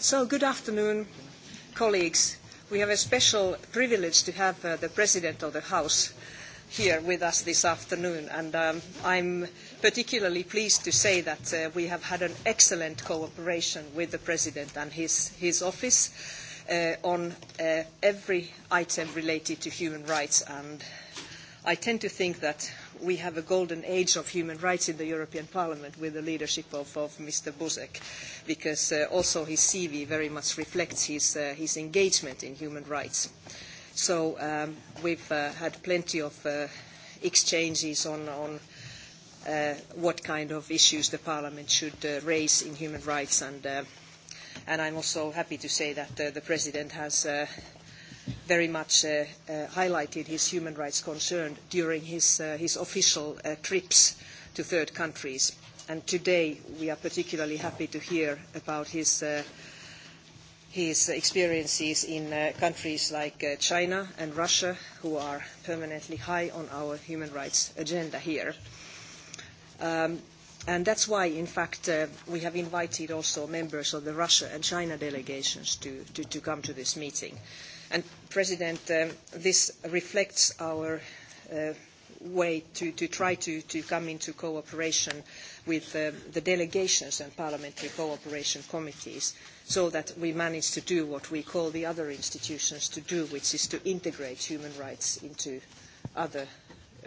So, good afternoon, colleagues. We have a special privilege to have the President of the House here with us this afternoon, and I'm particularly pleased to say that we have had an excellent cooperation with the President and his, his office on every item related to human rights, and I tend to think that we have a golden age of human rights in the European Parliament with the leadership of, Mr. Buzek, because also his CV very much reflects his, engagement in human rights. So um, we've uh, had plenty of exchanges on, on what kind of issues the Parliament should raise in human rights, and, uh, and I'm also happy to say that the President has very much highlighted his human rights concern during his, official trips to third countries. And today we are particularly happy to hear about his, experiences in countries like China and Russia, who are permanently high on our human rights agenda here. And That's why, in fact, we have invited also members of the Russia and China delegations to come to this meeting. And President, this reflects our way to, try to, come into cooperation with the delegations and parliamentary cooperation committees so that we manage to do what we call the other institutions to do, which is to integrate human rights into other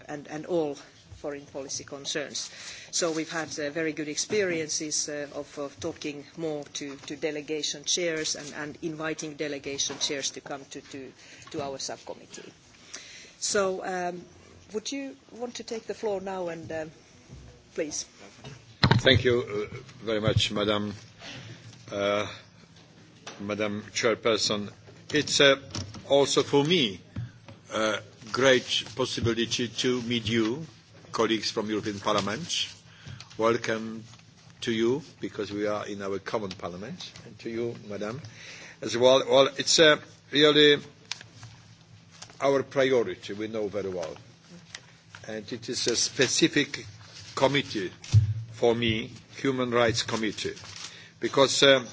and all foreign policy concerns. So we've had very good experiences of, talking more to, delegation chairs and, inviting delegation chairs to come to, our subcommittee. So would you want to take the floor now and please? Thank you very much, Madam, uh, Madam Chairperson. It's uh, also for me a great possibility to meet you colleagues from European Parliament. Welcome to you, because we are in our common parliament, and to you, madam, as well. Well, it's uh, really our priority, we know very well. And it is a specific committee for me, Human Rights Committee, because uh,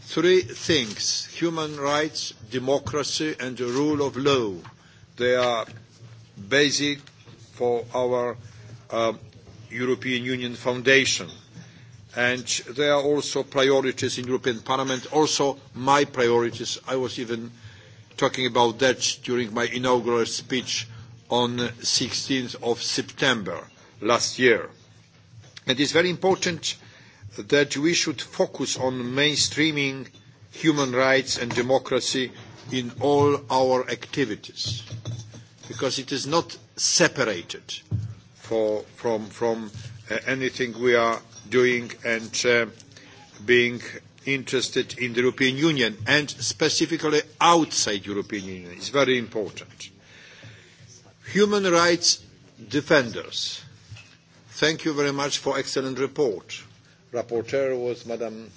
three things, human rights, democracy, and the rule of law, they are basic for our European Union Foundation. And there are also priorities in European Parliament, also my priorities. I was even talking about that during my inaugural speech on 16th of September last year. It is very important that we should focus on mainstreaming human rights and democracy in all our activities, because it is not separated for, from, from uh, anything we are doing and uh, being interested in the European Union and specifically outside European Union is very important. Human rights defenders, thank you very much for excellent report. Rapporteur was Madam,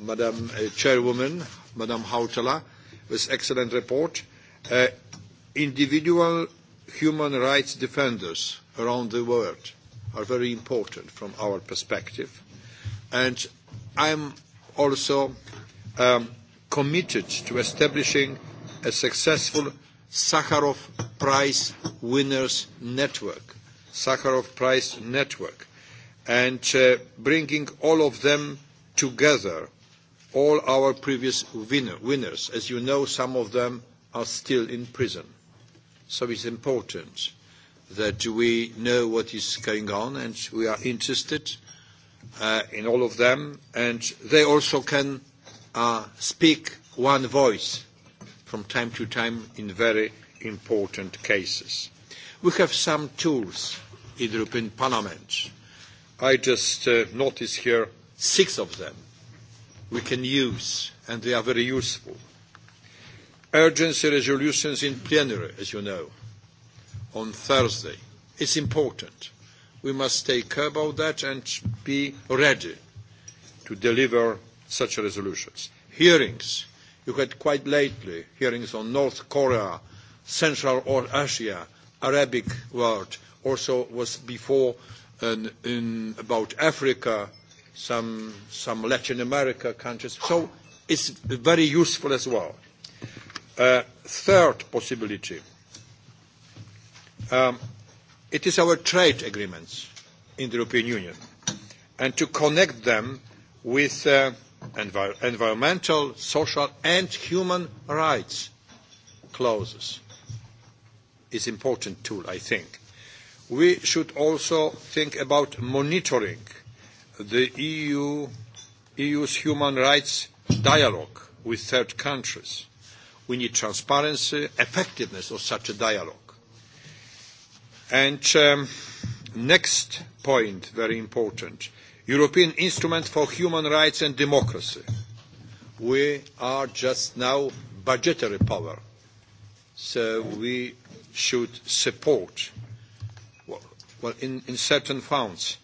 Madam uh, Chairwoman, Madam Hautala, with excellent report. Uh, individual human rights defenders around the world are very important from our perspective. And I'm also um, committed to establishing a successful Sakharov Prize Winners Network, Sakharov Prize Network, and uh, bringing all of them together, all our previous winner, winners. As you know, some of them are still in prison So it's important that we know what is going on and we are interested uh, in all of them and they also can uh, speak one voice from time to time in very important cases. We have some tools in the European Parliament. I just uh, noticed here six of them we can use and they are very useful urgency resolutions in plenary, as you know, on Thursday. It's important. We must take care about that and be ready to deliver such resolutions. Hearings. You had quite lately hearings on North Korea, Central or Asia, Arabic world. Also was before and in about Africa, some, some Latin America countries. So it's very useful as well A third possibility. Um, it is our trade agreements in the European Union and to connect them with uh, envir- environmental, social and human rights clauses is an important tool, I think. We should also think about monitoring the EU, EU's human rights dialogue with third countries We need transparency, effectiveness of such a dialogue. And um, next point, very important, European Instrument for Human Rights and Democracy. We are just now budgetary power, so we should support, well, in, in certain funds,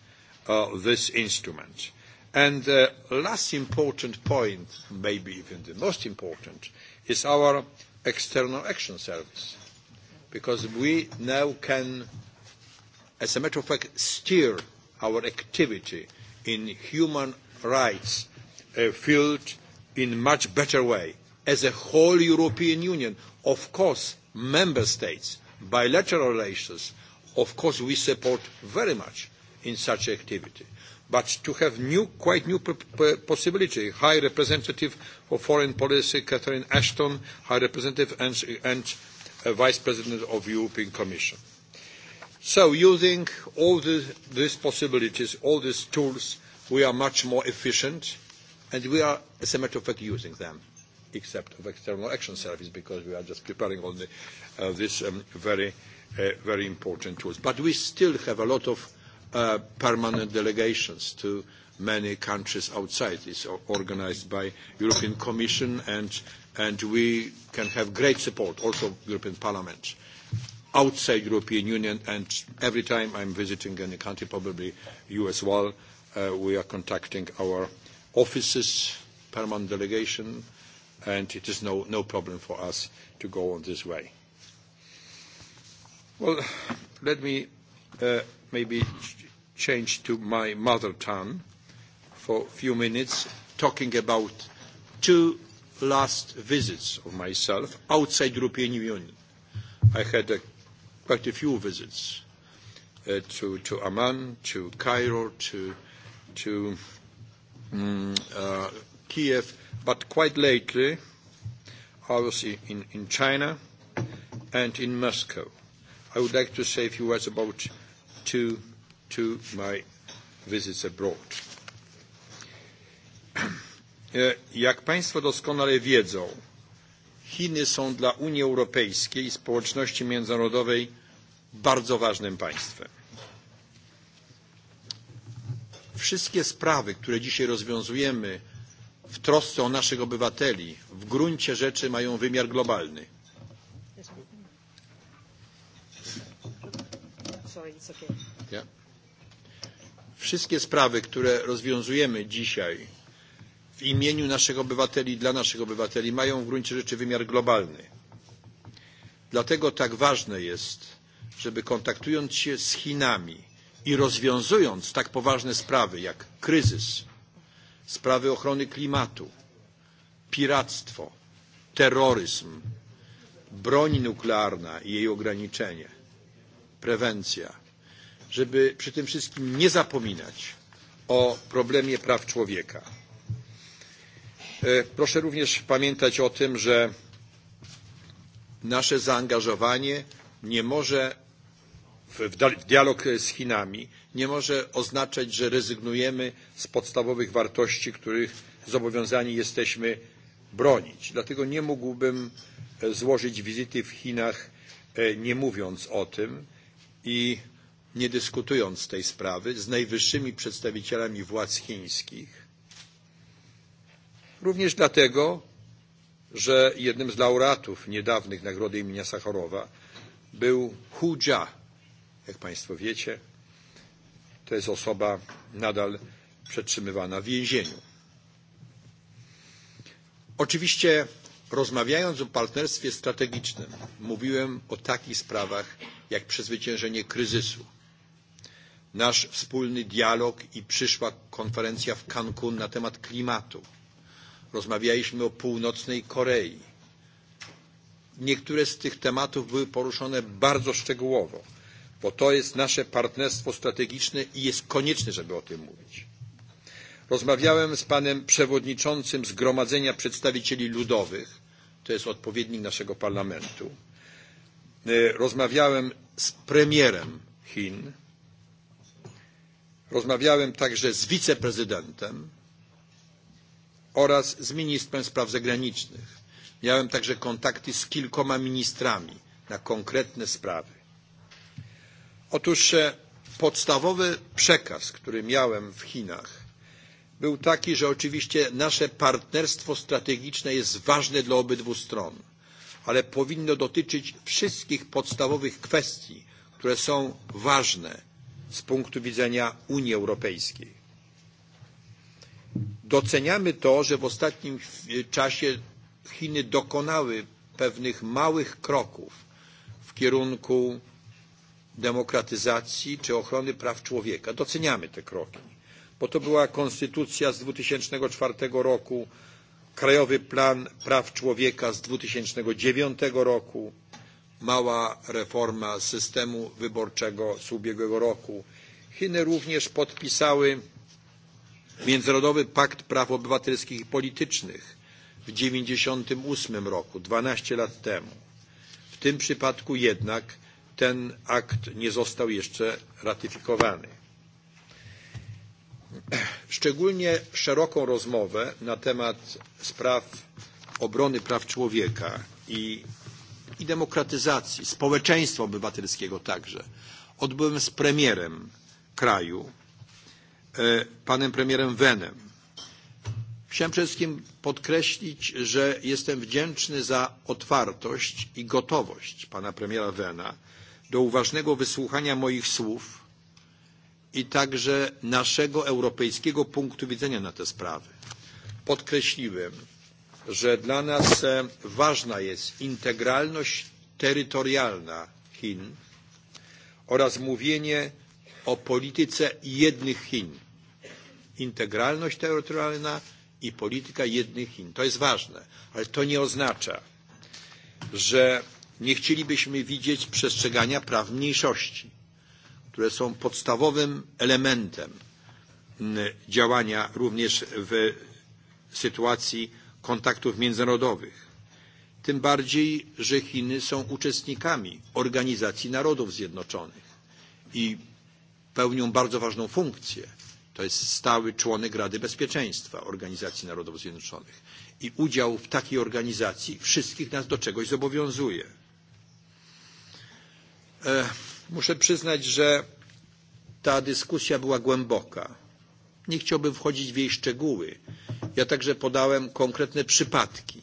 uh, this instrument. And the last important point, maybe even the most important, is our external action service, because we now can, as a matter of fact, steer our activity in human rights field in a much better way as a whole European Union. Of course, member states, bilateral relations, of course we support very much in such activity but to have new, quite new possibility. High Representative for Foreign Policy, Catherine Ashton, High Representative and, and Vice President of the European Commission. So using all the, these possibilities, all these tools, we are much more efficient, and we are, as a matter of fact, using them, except of External Action Service, because we are just preparing all the, uh, this um, very, uh, very important tools. But we still have a lot of uh, permanent delegations to many countries outside. It's organized by European Commission and, and we can have great support, also European Parliament, outside European Union and every time I'm visiting any country, probably you as well, uh, we are contacting our offices, permanent delegation, and it is no, no problem for us to go on this way. Well, let me uh, maybe change to my mother tongue for a few minutes, talking about two last visits of myself outside European Union. I had a, quite a few visits uh, to, to Amman, to Cairo, to, to um, uh, Kiev, but quite lately I was in, in China and in Moscow. I would like to say a few words about two to my visits abroad. Jak Państwo doskonale wiedzą, Chiny są dla Unii Europejskiej i społeczności międzynarodowej bardzo ważnym państwem. Wszystkie sprawy, które dzisiaj rozwiązujemy w trosce o naszych obywateli, w gruncie rzeczy mają wymiar globalny. Sorry, it's okay. Yeah wszystkie sprawy, które rozwiązujemy dzisiaj w imieniu naszych obywateli i dla naszych obywateli mają w gruncie rzeczy wymiar globalny. Dlatego tak ważne jest, żeby kontaktując się z Chinami i rozwiązując tak poważne sprawy jak kryzys, sprawy ochrony klimatu, piractwo, terroryzm, broń nuklearna i jej ograniczenie, prewencja – żeby przy tym wszystkim nie zapominać o problemie praw człowieka. Proszę również pamiętać o tym, że nasze zaangażowanie nie może w dialog z Chinami nie może oznaczać, że rezygnujemy z podstawowych wartości, których zobowiązani jesteśmy bronić. Dlatego nie mógłbym złożyć wizyty w Chinach nie mówiąc o tym i nie dyskutując tej sprawy z najwyższymi przedstawicielami władz chińskich, również dlatego, że jednym z laureatów niedawnych nagrody imienia Sachorowa był Hu Jia. Jak Państwo wiecie, to jest osoba nadal przetrzymywana w więzieniu. Oczywiście rozmawiając o partnerstwie strategicznym mówiłem o takich sprawach jak przezwyciężenie kryzysu, nasz wspólny dialog i przyszła konferencja w Cancun na temat klimatu. Rozmawialiśmy o północnej Korei. Niektóre z tych tematów były poruszone bardzo szczegółowo, bo to jest nasze partnerstwo strategiczne i jest konieczne, żeby o tym mówić. Rozmawiałem z panem przewodniczącym Zgromadzenia Przedstawicieli Ludowych, to jest odpowiednik naszego parlamentu. Rozmawiałem z premierem Chin, Rozmawiałem także z wiceprezydentem oraz z ministrem spraw zagranicznych. Miałem także kontakty z kilkoma ministrami na konkretne sprawy. Otóż podstawowy przekaz, który miałem w Chinach, był taki, że oczywiście nasze partnerstwo strategiczne jest ważne dla obydwu stron, ale powinno dotyczyć wszystkich podstawowych kwestii, które są ważne z punktu widzenia Unii Europejskiej. Doceniamy to, że w ostatnim czasie Chiny dokonały pewnych małych kroków w kierunku demokratyzacji czy ochrony praw człowieka. Doceniamy te kroki, bo to była konstytucja z 2004 roku, Krajowy Plan Praw Człowieka z 2009 roku, mała reforma systemu wyborczego z ubiegłego roku. Chiny również podpisały Międzynarodowy Pakt Praw Obywatelskich i Politycznych w 1998 roku, 12 lat temu. W tym przypadku jednak ten akt nie został jeszcze ratyfikowany. Szczególnie szeroką rozmowę na temat spraw obrony praw człowieka i i demokratyzacji, społeczeństwa obywatelskiego także. Odbyłem z premierem kraju, panem premierem Wenem. Chciałem przede wszystkim podkreślić, że jestem wdzięczny za otwartość i gotowość pana premiera Wena do uważnego wysłuchania moich słów i także naszego europejskiego punktu widzenia na te sprawy. Podkreśliłem, że dla nas ważna jest integralność terytorialna Chin oraz mówienie o polityce jednych Chin. Integralność terytorialna i polityka jednych Chin. To jest ważne, ale to nie oznacza, że nie chcielibyśmy widzieć przestrzegania praw mniejszości, które są podstawowym elementem działania również w sytuacji kontaktów międzynarodowych. Tym bardziej, że Chiny są uczestnikami Organizacji Narodów Zjednoczonych i pełnią bardzo ważną funkcję. To jest stały członek Rady Bezpieczeństwa Organizacji Narodów Zjednoczonych. I udział w takiej organizacji wszystkich nas do czegoś zobowiązuje. Muszę przyznać, że ta dyskusja była głęboka Nie chciałbym wchodzić w jej szczegóły. Ja także podałem konkretne przypadki,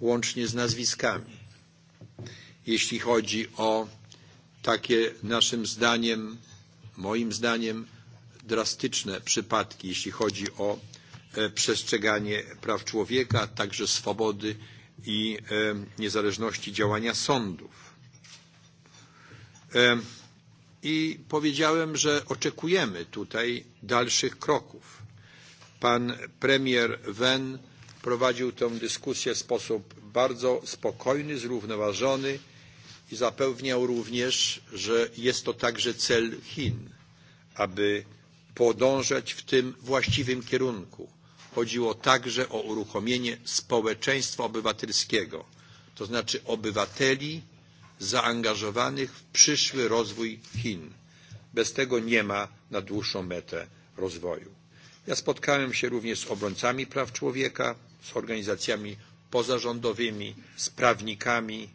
łącznie z nazwiskami, jeśli chodzi o takie naszym zdaniem, moim zdaniem, drastyczne przypadki, jeśli chodzi o przestrzeganie praw człowieka, także swobody i niezależności działania sądów i powiedziałem, że oczekujemy tutaj dalszych kroków. Pan premier Wen prowadził tę dyskusję w sposób bardzo spokojny, zrównoważony i zapewniał również, że jest to także cel Chin, aby podążać w tym właściwym kierunku. Chodziło także o uruchomienie społeczeństwa obywatelskiego, to znaczy obywateli, zaangażowanych w przyszły rozwój Chin. Bez tego nie ma na dłuższą metę rozwoju. Ja spotkałem się również z obrońcami praw człowieka, z organizacjami pozarządowymi, z prawnikami,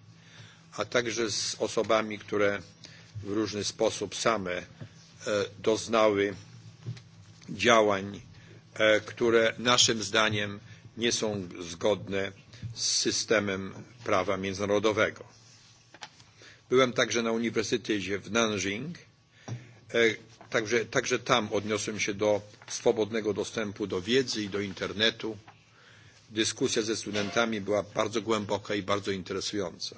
a także z osobami, które w różny sposób same doznały działań, które naszym zdaniem nie są zgodne z systemem prawa międzynarodowego. Byłem także na uniwersytecie w Nanjing. Także, także tam odniosłem się do swobodnego dostępu do wiedzy i do internetu. Dyskusja ze studentami była bardzo głęboka i bardzo interesująca.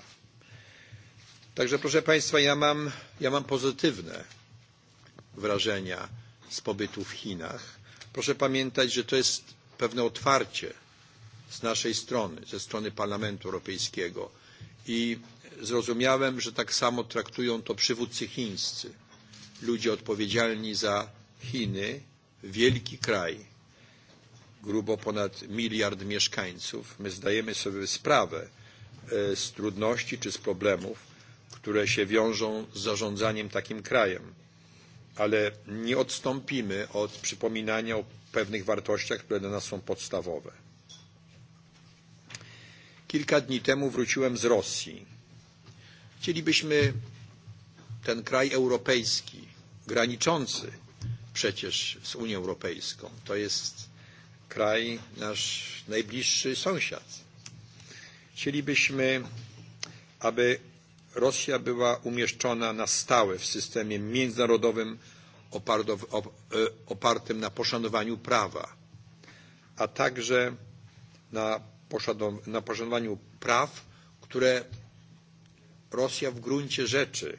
Także proszę Państwa, ja mam, ja mam pozytywne wrażenia z pobytu w Chinach. Proszę pamiętać, że to jest pewne otwarcie z naszej strony, ze strony Parlamentu Europejskiego, i zrozumiałem, że tak samo traktują to przywódcy chińscy, ludzie odpowiedzialni za Chiny, wielki kraj, grubo ponad miliard mieszkańców. My zdajemy sobie sprawę z trudności czy z problemów, które się wiążą z zarządzaniem takim krajem. Ale nie odstąpimy od przypominania o pewnych wartościach, które dla nas są podstawowe Kilka dni temu wróciłem z Rosji. Chcielibyśmy ten kraj europejski, graniczący przecież z Unią Europejską, to jest kraj nasz najbliższy sąsiad. Chcielibyśmy, aby Rosja była umieszczona na stałe w systemie międzynarodowym opartym na poszanowaniu prawa, a także na na poszanowaniu praw, które Rosja w gruncie rzeczy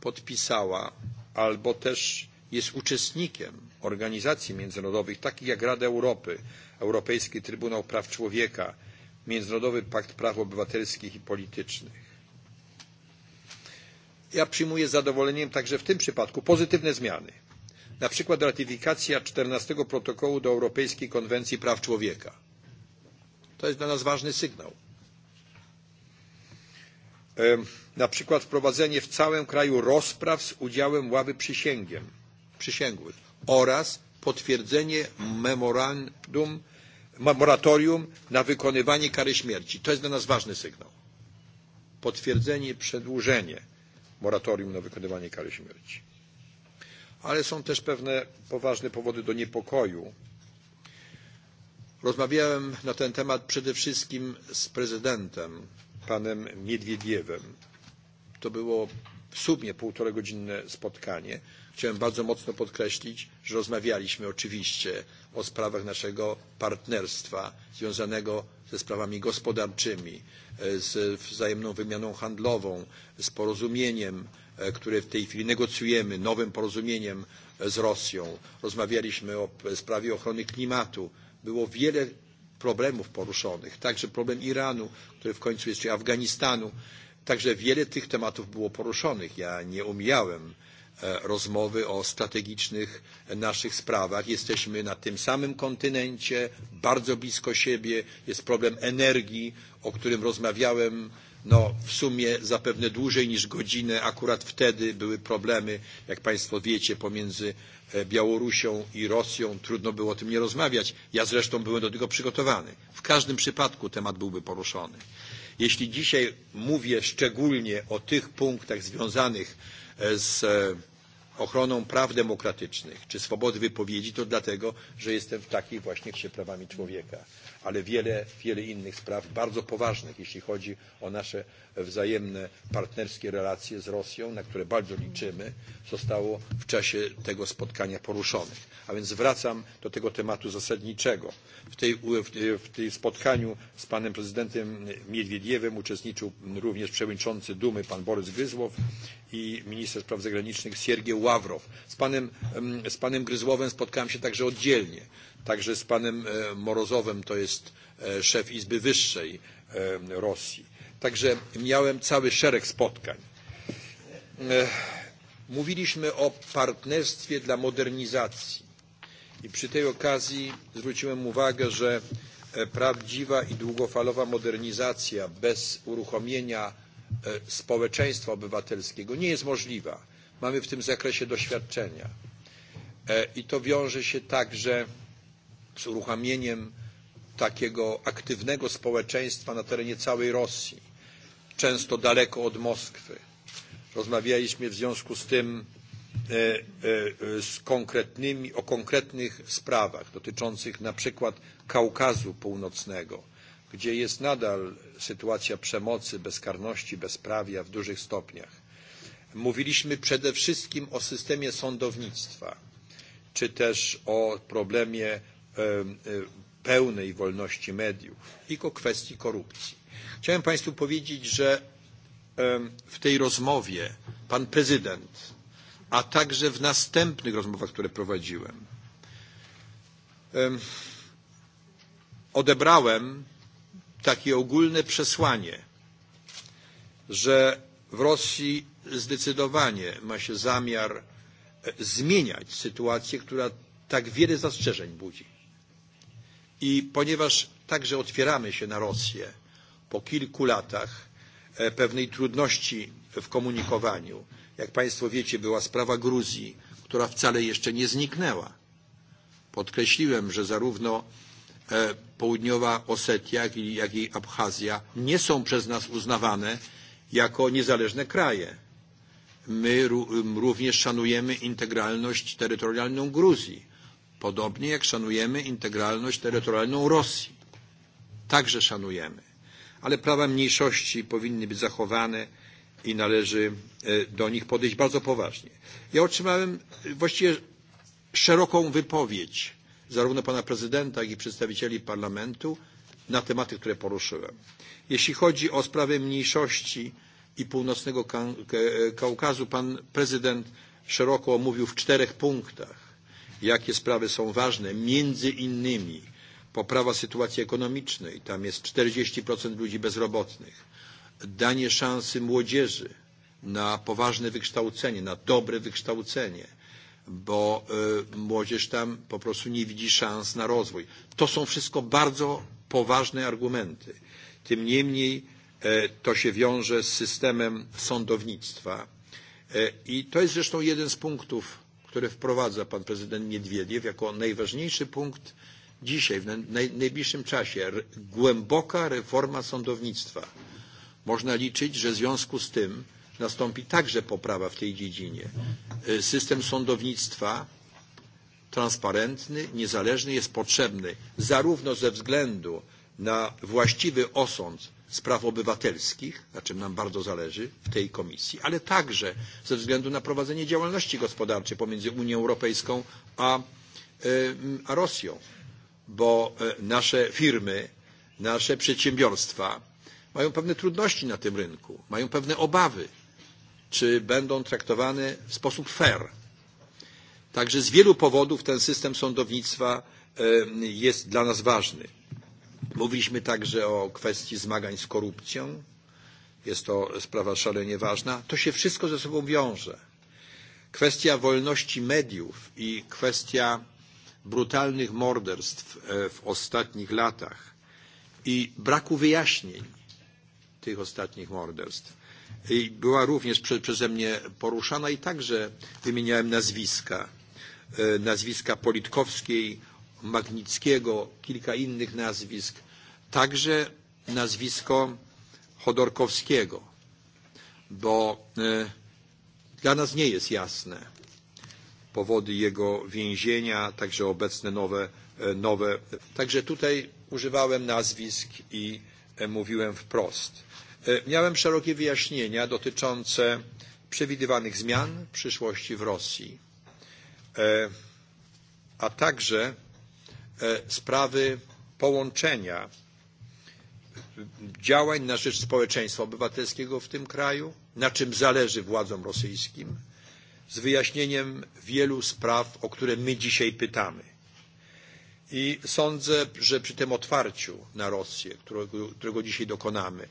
podpisała albo też jest uczestnikiem organizacji międzynarodowych, takich jak Rada Europy, Europejski Trybunał Praw Człowieka, Międzynarodowy Pakt Praw Obywatelskich i Politycznych. Ja przyjmuję z zadowoleniem także w tym przypadku pozytywne zmiany, na przykład ratyfikacja 14 protokołu do Europejskiej Konwencji Praw Człowieka To jest dla nas ważny sygnał. Na przykład wprowadzenie w całym kraju rozpraw z udziałem ławy przysięgłych oraz potwierdzenie memorandum, moratorium na wykonywanie kary śmierci. To jest dla nas ważny sygnał. Potwierdzenie, przedłużenie moratorium na wykonywanie kary śmierci. Ale są też pewne poważne powody do niepokoju Rozmawiałem na ten temat przede wszystkim z prezydentem, panem Miedwiediewem. To było w sumie półtoregodzinne spotkanie. Chciałem bardzo mocno podkreślić, że rozmawialiśmy oczywiście o sprawach naszego partnerstwa związanego ze sprawami gospodarczymi, z wzajemną wymianą handlową, z porozumieniem, które w tej chwili negocjujemy, nowym porozumieniem z Rosją. Rozmawialiśmy o sprawie ochrony klimatu, było wiele problemów poruszonych, także problem Iranu, który w końcu jest, czy Afganistanu. Także wiele tych tematów było poruszonych. Ja nie omijałem rozmowy o strategicznych naszych sprawach. Jesteśmy na tym samym kontynencie, bardzo blisko siebie. Jest problem energii, o którym rozmawiałem No, w sumie zapewne dłużej niż godzinę. Akurat wtedy były problemy, jak Państwo wiecie, pomiędzy Białorusią i Rosją. Trudno było o tym nie rozmawiać. Ja zresztą byłem do tego przygotowany. W każdym przypadku temat byłby poruszony. Jeśli dzisiaj mówię szczególnie o tych punktach związanych z ochroną praw demokratycznych czy swobody wypowiedzi, to dlatego, że jestem w takiej właśnie się prawami człowieka ale wiele, wiele innych spraw bardzo poważnych, jeśli chodzi o nasze wzajemne partnerskie relacje z Rosją, na które bardzo liczymy, zostało w czasie tego spotkania poruszonych. A więc wracam do tego tematu zasadniczego. W, tej, w tym spotkaniu z panem prezydentem Miedwiediewem uczestniczył również przewodniczący Dumy pan Borys Gryzłow i minister spraw zagranicznych Siergiej Ławrow. Z panem, z panem Gryzłowem spotkałem się także oddzielnie także z panem Morozowem, to jest szef Izby Wyższej Rosji. Także miałem cały szereg spotkań. Mówiliśmy o partnerstwie dla modernizacji i przy tej okazji zwróciłem uwagę, że prawdziwa i długofalowa modernizacja bez uruchomienia społeczeństwa obywatelskiego nie jest możliwa. Mamy w tym zakresie doświadczenia. I to wiąże się także z uruchamieniem takiego aktywnego społeczeństwa na terenie całej Rosji, często daleko od Moskwy. Rozmawialiśmy w związku z tym z konkretnymi, o konkretnych sprawach dotyczących na przykład Kaukazu Północnego, gdzie jest nadal sytuacja przemocy, bezkarności, bezprawia w dużych stopniach. Mówiliśmy przede wszystkim o systemie sądownictwa, czy też o problemie pełnej wolności mediów i o kwestii korupcji. Chciałem Państwu powiedzieć, że w tej rozmowie pan prezydent, a także w następnych rozmowach, które prowadziłem, odebrałem takie ogólne przesłanie, że w Rosji zdecydowanie ma się zamiar zmieniać sytuację, która tak wiele zastrzeżeń budzi. I ponieważ także otwieramy się na Rosję po kilku latach pewnej trudności w komunikowaniu, jak Państwo wiecie, była sprawa Gruzji, która wcale jeszcze nie zniknęła. Podkreśliłem, że zarówno południowa Osetia, jak i Abchazja nie są przez nas uznawane jako niezależne kraje. My również szanujemy integralność terytorialną Gruzji Podobnie jak szanujemy integralność terytorialną Rosji. Także szanujemy. Ale prawa mniejszości powinny być zachowane i należy do nich podejść bardzo poważnie. Ja otrzymałem właściwie szeroką wypowiedź zarówno pana prezydenta, jak i przedstawicieli parlamentu na tematy, które poruszyłem. Jeśli chodzi o sprawy mniejszości i północnego Kaukazu, pan prezydent szeroko omówił w czterech punktach jakie sprawy są ważne, między innymi poprawa sytuacji ekonomicznej, tam jest 40% ludzi bezrobotnych, danie szansy młodzieży na poważne wykształcenie, na dobre wykształcenie, bo młodzież tam po prostu nie widzi szans na rozwój. To są wszystko bardzo poważne argumenty. Tym niemniej to się wiąże z systemem sądownictwa i to jest zresztą jeden z punktów które wprowadza pan prezydent Niedwiediew jako najważniejszy punkt dzisiaj, w najbliższym czasie. Głęboka reforma sądownictwa. Można liczyć, że w związku z tym nastąpi także poprawa w tej dziedzinie. System sądownictwa transparentny, niezależny jest potrzebny zarówno ze względu na właściwy osąd Spraw Obywatelskich, na czym nam bardzo zależy w tej komisji, ale także ze względu na prowadzenie działalności gospodarczej pomiędzy Unią Europejską a, a Rosją, bo nasze firmy, nasze przedsiębiorstwa mają pewne trudności na tym rynku, mają pewne obawy, czy będą traktowane w sposób fair. Także z wielu powodów ten system sądownictwa jest dla nas ważny Mówiliśmy także o kwestii zmagań z korupcją. Jest to sprawa szalenie ważna. To się wszystko ze sobą wiąże. Kwestia wolności mediów i kwestia brutalnych morderstw w ostatnich latach i braku wyjaśnień tych ostatnich morderstw była również przeze mnie poruszana i także wymieniałem nazwiska. Nazwiska Politkowskiej, Magnickiego, kilka innych nazwisk także nazwisko Chodorkowskiego, bo dla nas nie jest jasne powody jego więzienia, także obecne nowe, nowe. Także tutaj używałem nazwisk i mówiłem wprost. Miałem szerokie wyjaśnienia dotyczące przewidywanych zmian w przyszłości w Rosji, a także sprawy połączenia działań na rzecz społeczeństwa obywatelskiego w tym kraju, na czym zależy władzom rosyjskim, z wyjaśnieniem wielu spraw, o które my dzisiaj pytamy. I sądzę, że przy tym otwarciu na Rosję, którego, którego dzisiaj dokonamy,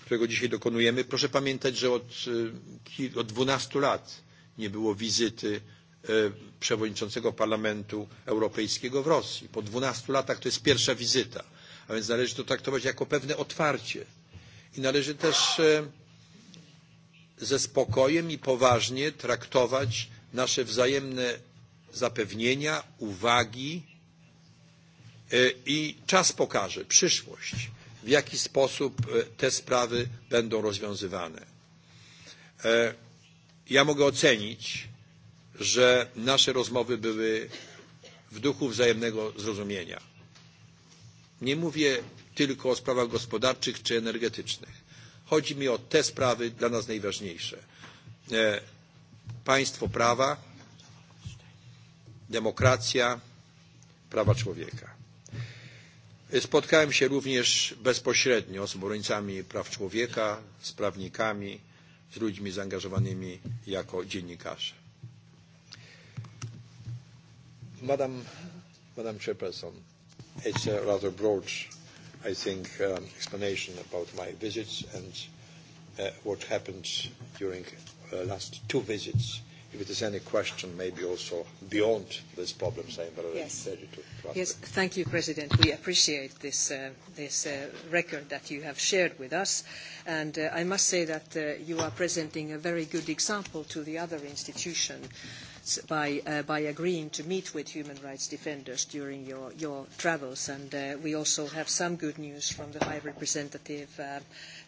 którego dzisiaj dokonujemy, proszę pamiętać, że od, od 12 lat nie było wizyty przewodniczącego Parlamentu Europejskiego w Rosji. Po 12 latach to jest pierwsza wizyta A więc należy to traktować jako pewne otwarcie. I należy też ze spokojem i poważnie traktować nasze wzajemne zapewnienia, uwagi i czas pokaże, przyszłość, w jaki sposób te sprawy będą rozwiązywane. Ja mogę ocenić, że nasze rozmowy były w duchu wzajemnego zrozumienia Nie mówię tylko o sprawach gospodarczych czy energetycznych. Chodzi mi o te sprawy dla nas najważniejsze. Państwo prawa, demokracja, prawa człowieka. Spotkałem się również bezpośrednio z obrońcami praw człowieka, z prawnikami, z ludźmi zaangażowanymi jako dziennikarze. Madam, Madam Chairperson, It's a rather broad, I think, um, explanation about my visits and uh, what happened during uh, last two visits. If it is any question, maybe also beyond these problems, I'm very yes. ready to answer. Yes, thank you, President. We appreciate this, uh, this uh, record that you have shared with us. And uh, I must say that uh, you are presenting a very good example to the other institution by, agreeing to meet with human rights defenders during your, travels. And we also have some good news from the High Representative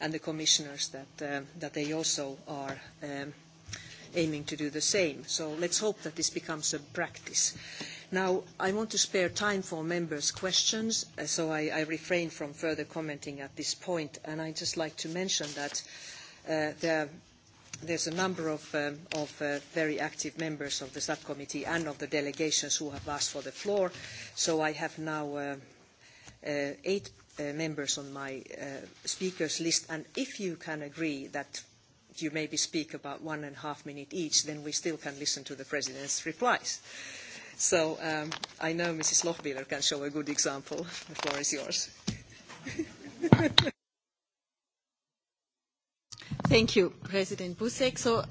and the commissioners that, they also are aiming to do the same. So let's hope that this becomes a practice. Now, I want to spare time for members' questions, so I, I refrain from further commenting at this point. And I'd just like to mention that the there's a number of, very active members of the subcommittee and of the delegations who have asked for the floor. So I have now eight members on my speakers list. And if you can agree that you maybe speak about one and a half minute each, then we still can listen to the President's replies. So I know Mrs. Lochbihler can show a good example. The floor is yours. Thank you, President Buzek. So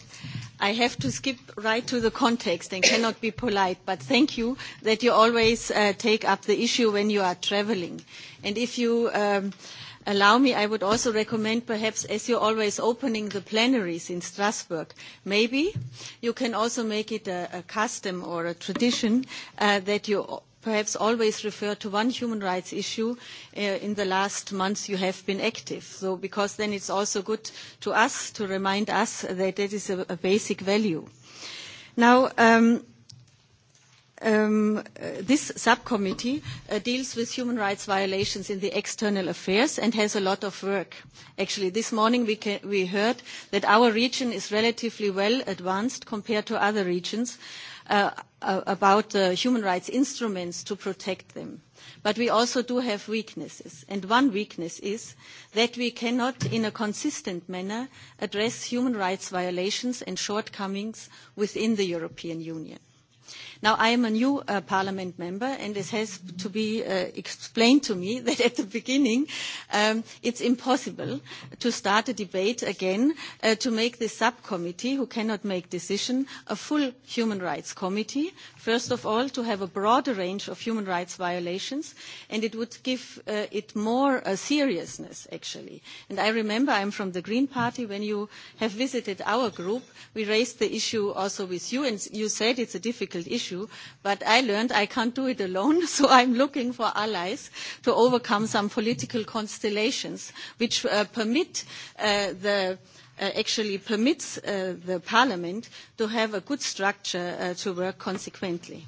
I have to skip right to the context and cannot be polite, but thank you that you always take up the issue when you are travelling. And if you allow me, I would also recommend perhaps as you are always opening the plenaries in Strasbourg, maybe you can also make it a, custom or a tradition that you perhaps always refer to one human rights issue in the last months you have been active. So, because then it's also good to us to remind us that it is a, a basic value. Now, um, this subcommittee deals with human rights violations in the external affairs and has a lot of work. Actually, this morning we, heard that our region is relatively well advanced compared to other regions about human rights instruments to protect them. But we also do have weaknesses. And one weakness is that we cannot, in a consistent manner, address human rights violations and shortcomings within the European Union. Now, I am a new uh, parliament member, and it has to be uh, explained to me that at the beginning um, it's impossible to start a debate again uh, to make this subcommittee, who cannot make decision, a full human rights committee. First of all, to have a broader range of human rights violations, and it would give uh, it more uh, seriousness, actually. And I remember I'm from the Green Party. When you have visited our group, we raised the issue also with you, and you said it's a difficult difficult issue, but I learned I can't do it alone, so I'm looking for allies to overcome some political constellations which permit the actually permits the parliament to have a good structure to work consequently.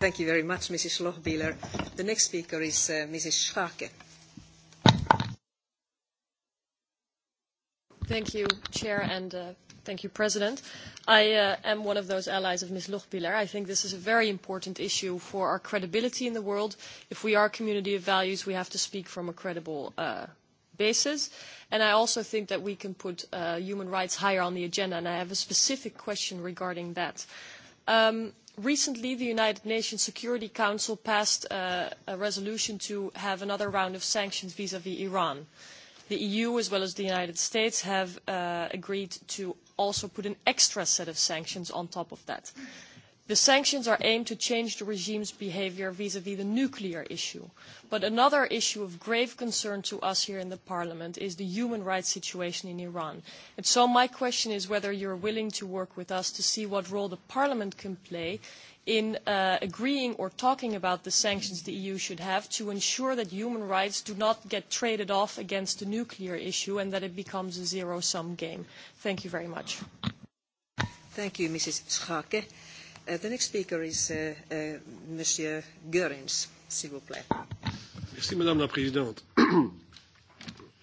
Thank you very much, Mrs. The next speaker is Mrs. Thank you, Chair, and Thank you, President. I uh, am one of those allies of Ms. Lochbihler. I think this is a very important issue for our credibility in the world. If we are a community of values, we have to speak from a credible uh, basis. And I also think that we can put uh, human rights higher on the agenda, and I have a specific question regarding that. Um, recently, the United Nations Security Council passed uh, a resolution to have another round of sanctions vis-à-vis Iran the eu as well as the united states have agreed to also put an extra set of sanctions on top of that. The sanctions are aimed to change the regime's behaviour vis a vis the nuclear issue. But another issue of grave concern to us here in the Parliament is the human rights situation in Iran. And so my question is whether you are willing to work with us to see what role the Parliament can play in agreeing or talking about the sanctions the EU should have to ensure that human rights do not get traded off against the nuclear issue and that it becomes a zero-sum game. Thank you very much. Thank you, Mrs. Schake. the next speaker is Monsieur s'il vous plaît. Merci, Madame la Présidente.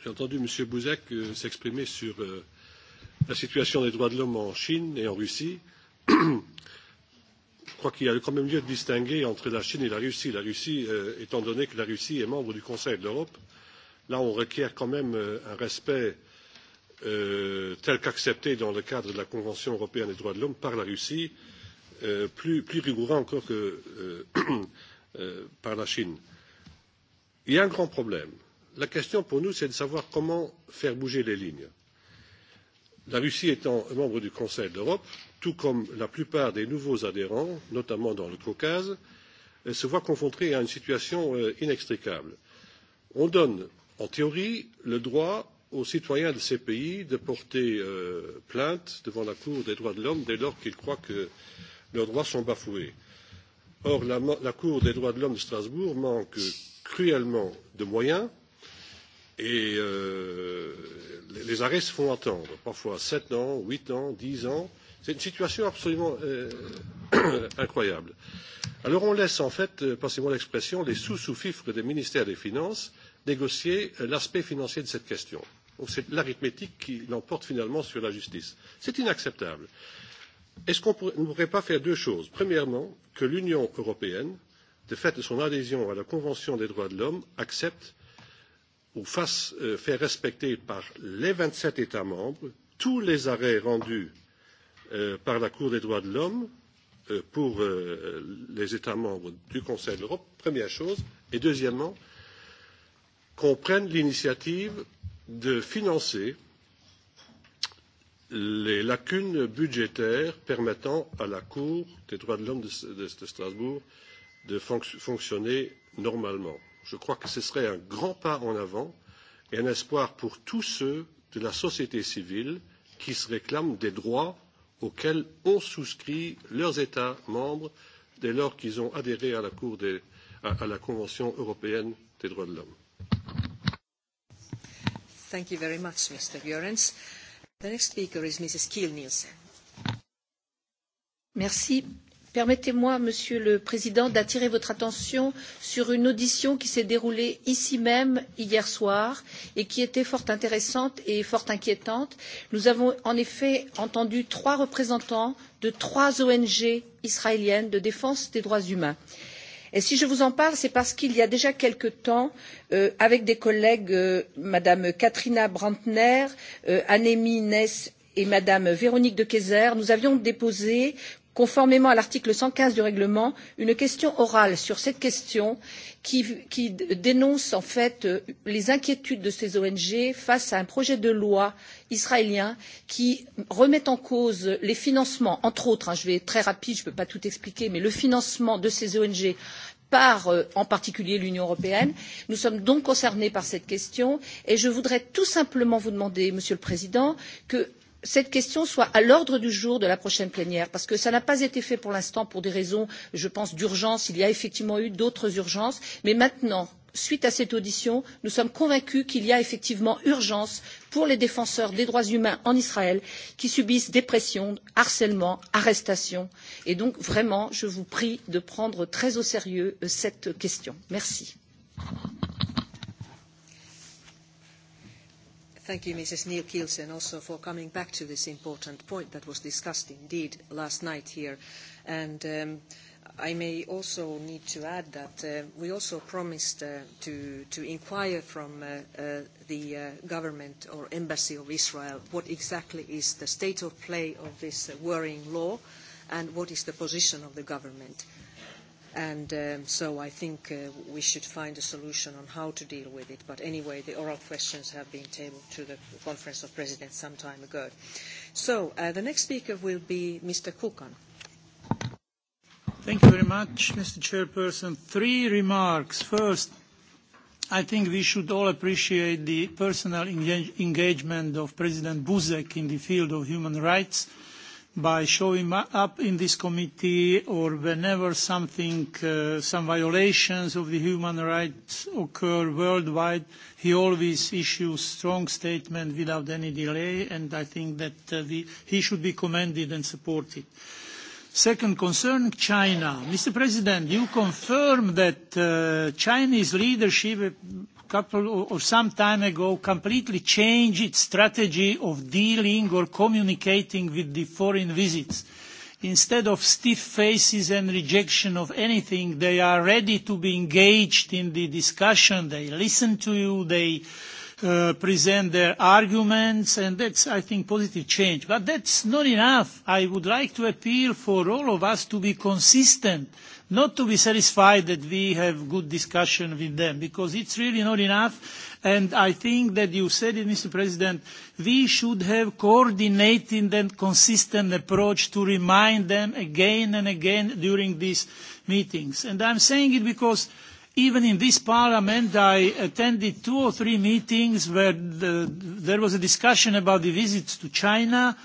J'ai entendu Bouzek s'exprimer sur la situation des droits de l'homme en Chine et en Russie crois qu'il a quand même lieu de distinguer entre la Chine et la Russie. La Russie, étant donné que la Russie est membre du Conseil de l'Europe, là on requiert quand même un respect tel qu'accepté dans le cadre de la Convention européenne des droits de l'homme par la Russie, plus, rigoureux encore que par la Chine. Il y a un grand problème. La question pour nous, c'est de savoir comment faire bouger les lignes la russie étant membre du conseil de l'europe tout comme la plupart des nouveaux adhérents notamment dans le caucase se voit confrontée à une situation inextricable. on donne en théorie le droit aux citoyens de ces pays de porter plainte devant la cour des droits de l'homme dès lors qu'ils croient que leurs droits sont bafoués. or la cour des droits de l'homme de strasbourg manque cruellement de moyens Et les arrêts se font attendre, parfois sept ans, huit ans, dix ans. C'est une situation absolument incroyable. Alors on laisse en fait, passez-moi l'expression, les sous-sous-fifres des ministères des Finances négocier l'aspect financier de cette question. Donc c'est l'arithmétique qui l'emporte finalement sur la justice. C'est inacceptable. Est-ce qu'on ne pourrait pas faire deux choses Premièrement, que l'Union européenne, de fait de son adhésion à la Convention des droits de l'homme, accepte ou fasse faire respecter par les vingt sept États membres tous les arrêts rendus par la Cour des droits de l'homme pour les États membres du Conseil de l'Europe, première chose, et deuxièmement, qu'on prenne l'initiative de financer les lacunes budgétaires permettant à la Cour des droits de l'homme de, Strasbourg de fonctionner normalement Je crois que ce serait un grand pas en avant et un espoir pour tous ceux de la société civile qui se réclament des droits auxquels ont souscrit leurs États membres dès lors qu'ils ont adhéré à la, Convention européenne des droits de l'homme. Thank you very much, Mr. The next speaker is Mrs. Kiel Nielsen. Merci. Permettez-moi, Monsieur le Président, d'attirer votre attention sur une audition qui s'est déroulée ici même hier soir et qui était fort intéressante et fort inquiétante. Nous avons en effet entendu trois représentants de trois ONG israéliennes de défense des droits humains. Et si je vous en parle, c'est parce qu'il y a déjà quelque temps, avec des collègues, Madame Katrina Brantner, Annemie Ness et Madame Véronique de Keyser, nous avions déposé conformément à l'article cent quinze du règlement une question orale sur cette question qui dénonce en fait les inquiétudes de ces ong face à un projet de loi israélien qui remet en cause les financements entre autres je vais être très rapide je ne peux pas tout expliquer mais le financement de ces ong par en particulier l'Union européenne. Nous sommes donc concernés par cette question et je voudrais tout simplement vous demander, Monsieur le Président, que cette question soit à l'ordre du jour de la prochaine plénière, parce que cela n'a pas été fait pour l'instant pour des raisons, je pense, d'urgence. Il y a effectivement eu d'autres urgences, mais maintenant, suite à cette audition, nous sommes convaincus qu'il y a effectivement urgence pour les défenseurs des droits humains en Israël qui subissent des pressions, harcèlement, arrestations. Et donc, vraiment, je vous prie de prendre très au sérieux cette question. Merci. Thank you, Mrs. Neil Kielsen, also for coming back to this important point that was discussed indeed last night here. And um, I may also need to add that we also promised to inquire from the government or embassy of Israel what exactly is the state of play of this worrying law and what is the position of the government And um, so I think uh, we should find a solution on how to deal with it. But anyway, the oral questions have been tabled to the Conference of Presidents some time ago. So uh, the next speaker will be Mr. Kukan. Thank you very much, Mr. Chairperson. Three remarks. First, I think we should all appreciate the personal engagement of President Buzek in the field of human rights – by showing up in this committee or whenever something, some violations of the human rights occur worldwide, he always issues strong statements without any delay, and I think that he should be commended and supported. Uh, Second, concerning China, Mr. President, you confirm that Chinese leadership a couple or some time ago completely changed its strategy of dealing or communicating with the foreign visits. Instead of stiff faces and rejection of anything, they are ready to be engaged in the discussion. They listen to you. They uh, uh, present their arguments, and that's, I think, positive change. But that's not enough. I would like to appeal for all of us to be consistent, not to be satisfied that we have good discussion with them, because it's really not enough. And I think that you said it, Mr. President, we should have coordinated and consistent approach to remind them again and again during these meetings. And I'm saying it because Even in this parliament, I attended two or three meetings where the, there was a discussion about the visits to China,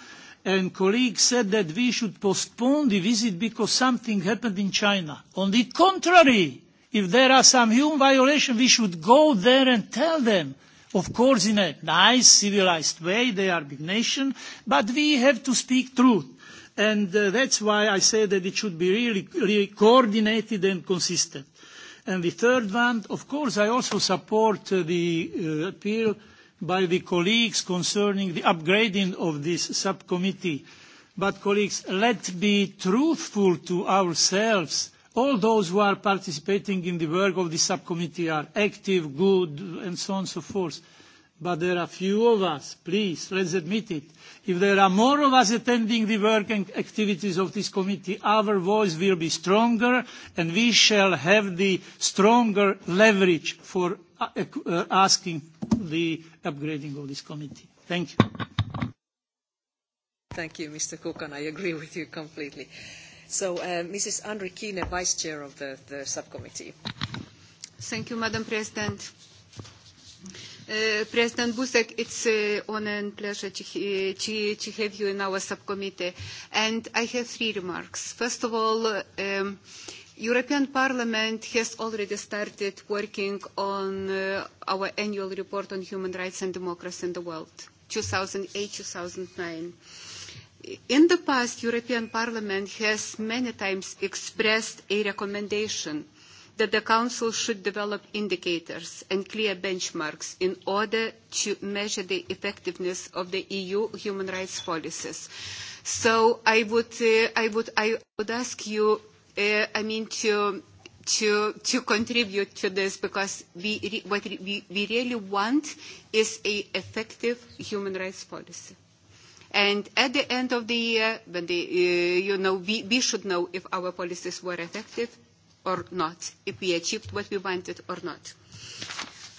and colleagues said that we should postpone the visit because something happened in China. On the contrary, if there are some human violations, we should go there and tell them. Of course, in a nice, civilized way, they are a big nation, but we have to speak truth. And uh, that's why I say that it should be really, really coordinated and consistent. And the third one, of course, I also support the appeal by the colleagues concerning the upgrading of this subcommittee. But colleagues, let's be truthful to ourselves. All those who are participating in the work of the subcommittee are active, good, and so on and so forth but there are few of us. Please, let's admit it. If there are more of us attending the work and activities of this committee, our voice will be stronger and we shall have the stronger leverage for asking the upgrading of this committee. Thank you. Thank you, Mr. Cook, and I agree with you completely. So, Mrs. Andri Kine, Vice Chair of the, the Subcommittee. Thank you, Madam President. President Buzek, it's uh, honor and pleasure to, uh, to, to have you in our subcommittee. And I have three remarks. First of all, um, European Parliament has already started working on uh, our annual report on human rights and democracy in the world, 2008-2009. In the past, European Parliament has many times expressed a recommendation that the Council should develop indicators and clear benchmarks in order to measure the effectiveness of the EU human rights policies. So I would, I would, I would ask you, I mean, to to to contribute to this because we what we, we really want is an effective human rights policy. And at the end of the year, when the, uh, you know, we, we should know if our policies were effective or not, if we achieved what we wanted or not.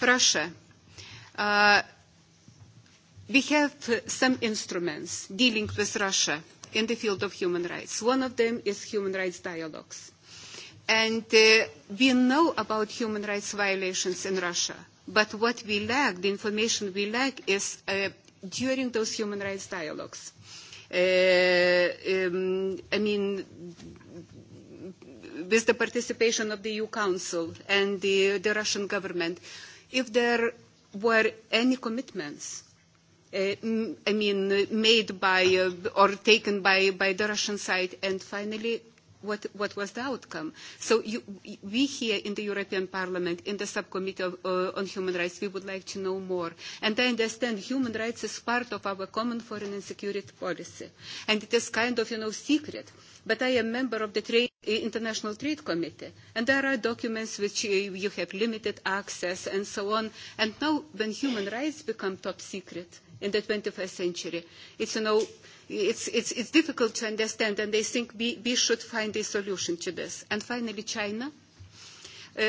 Russia. Uh, we have some instruments dealing with Russia in the field of human rights. One of them is human rights dialogues. And we know about human rights violations in Russia, but what we lack, the information we lack, is during those human rights dialogues. I mean, with the participation of the EU Council and the, the Russian government, if there were any commitments, I mean, made by or taken by, by the Russian side, and finally, what, what was the outcome? So you, we here in the European Parliament, in the subcommittee of, uh, on human rights, we would like to know more. And I understand human rights is part of our common foreign and security policy, and it is kind of, you know, secret. But I am a member of the trade International Trade Committee. And there are documents which you have limited access and so on. And now when human rights become top secret in the twenty first century, it's, you know, it's, it's, it's difficult to understand and they think we, we should find a solution to this. And finally, China.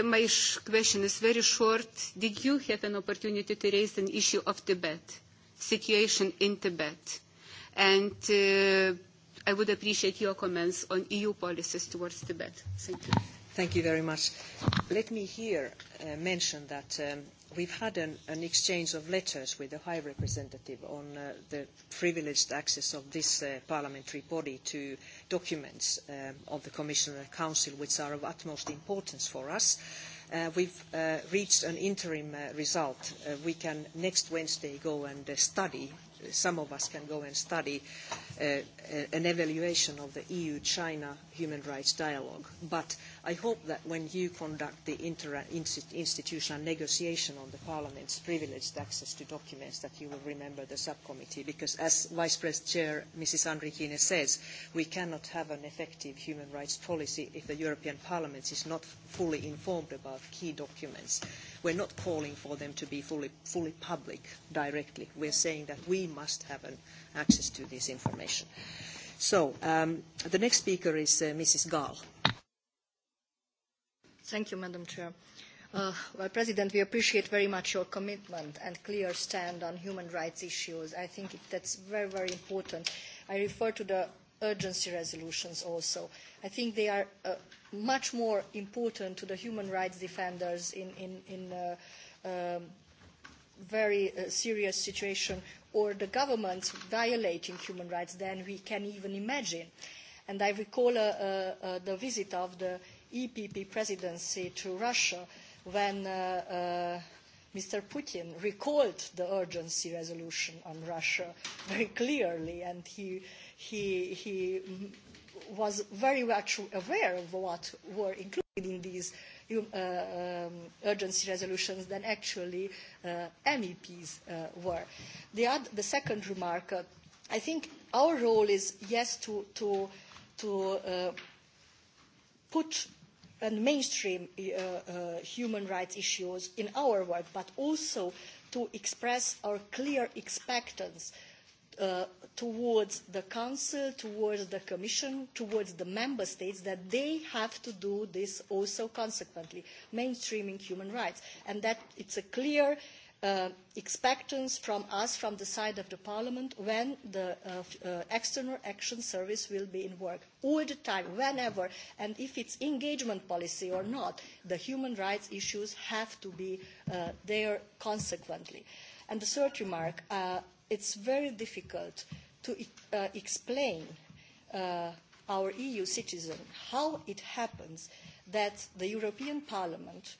my question is very short. Did you have an opportunity to raise an issue of Tibet, situation in Tibet? And I would appreciate your comments on EU policies towards Tibet. Thank you. Thank you very much. Let me here mention that we have had an exchange of letters with the High Representative on the privileged access of this parliamentary body to documents of the Commission and Council, which are of utmost importance for us. We have reached an interim result. We can next Wednesday go and study some of us can go and study an evaluation of the EU-China human rights dialogue. But I hope that when you conduct the interinstitutional negotiation on the Parliament's privileged access to documents that you will remember the subcommittee because as Vice President Chair Mrs. Andrikine says, we cannot have an effective human rights policy if the European Parliament is not fully informed about key documents. We're not calling for them to be fully, fully public directly. We're saying that we must have an access to this information. So um, the next speaker is uh, Mrs. Gall. Thank you, Madam Chair. Uh, well, President, we appreciate very much your commitment and clear stand on human rights issues. I think it, that's very, very important. I refer to the urgency resolutions also. I think they are uh, much more important to the human rights defenders in, in, in uh, um, very uh, serious situation or the governments violating human rights than we can even imagine. And I recall uh, uh, uh, the visit of the EPP presidency to Russia when Mr. Putin recalled the urgency resolution on Russia very clearly, and he, he, he was very much aware of what were included in these urgency resolutions than actually MEPs were. The, second remark, I think our role is, yes, to, to, to put and mainstream human rights issues in our work, but also to express our clear expectance towards the Council, towards the Commission, towards the Member States, that they have to do this also consequently, mainstreaming human rights, and that it's a clear uh, expectations from us from the side of the parliament when the external action service will be in work all the time whenever and if it's engagement policy or not the human rights issues have to be there consequently and the third remark uh, it's very difficult to explain our eu citizen how it happens that the european parliament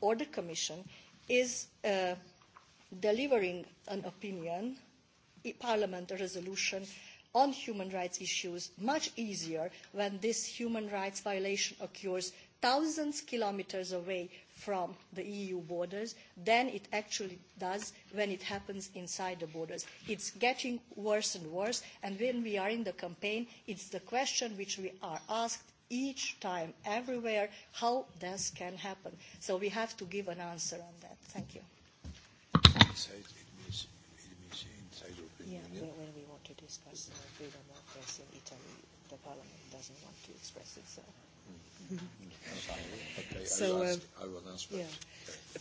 or the commission is delivering an opinion, a parliament resolution on human rights issues much easier when this human rights violation occurs thousands of kilometres away from the EU borders than it actually does when it happens inside the borders. It is getting worse and worse, and when we are in the campaign, it is the question which we are asked each time, everywhere, how this can happen. So we have to give an answer on that. Thank you. So, uh, yeah, when we want to discuss uh, freedom of in Italy, the parliament doesn't want to express itself.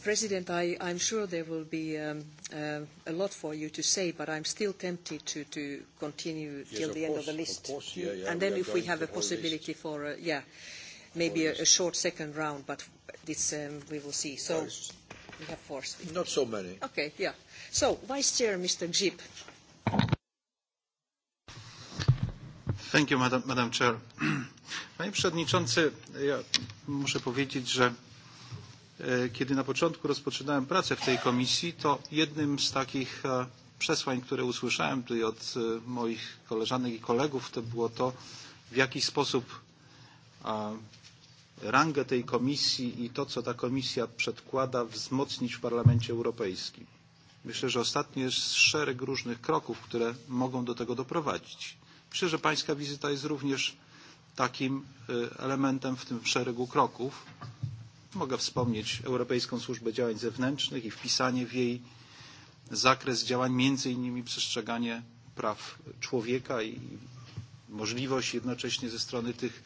President, I, I'm sure there will be um, uh, a lot for you to say, but I'm still tempted to, to continue yes, till the end of the list. Of course, yeah, yeah, and then if we have a possibility for, a, yeah, maybe a, a short second round, but this um, we will see. So. We have four speakers. Not so many. Okay, yeah. So, Vice Chair, Mr. Thank you, Madam, Madam Chair. Panie Przewodniczący, ja muszę powiedzieć, że kiedy na początku rozpoczynałem pracę w tej komisji, to jednym z takich przesłań, które usłyszałem tutaj od moich koleżanek i kolegów, to było to, w jaki sposób rangę tej komisji i to, co ta komisja przedkłada, wzmocnić w Parlamencie Europejskim. Myślę, że ostatnio jest szereg różnych kroków, które mogą do tego doprowadzić. Myślę, że pańska wizyta jest również takim elementem w tym szeregu kroków. Mogę wspomnieć Europejską Służbę Działań Zewnętrznych i wpisanie w jej zakres działań, między innymi przestrzeganie praw człowieka i możliwość jednocześnie ze strony tych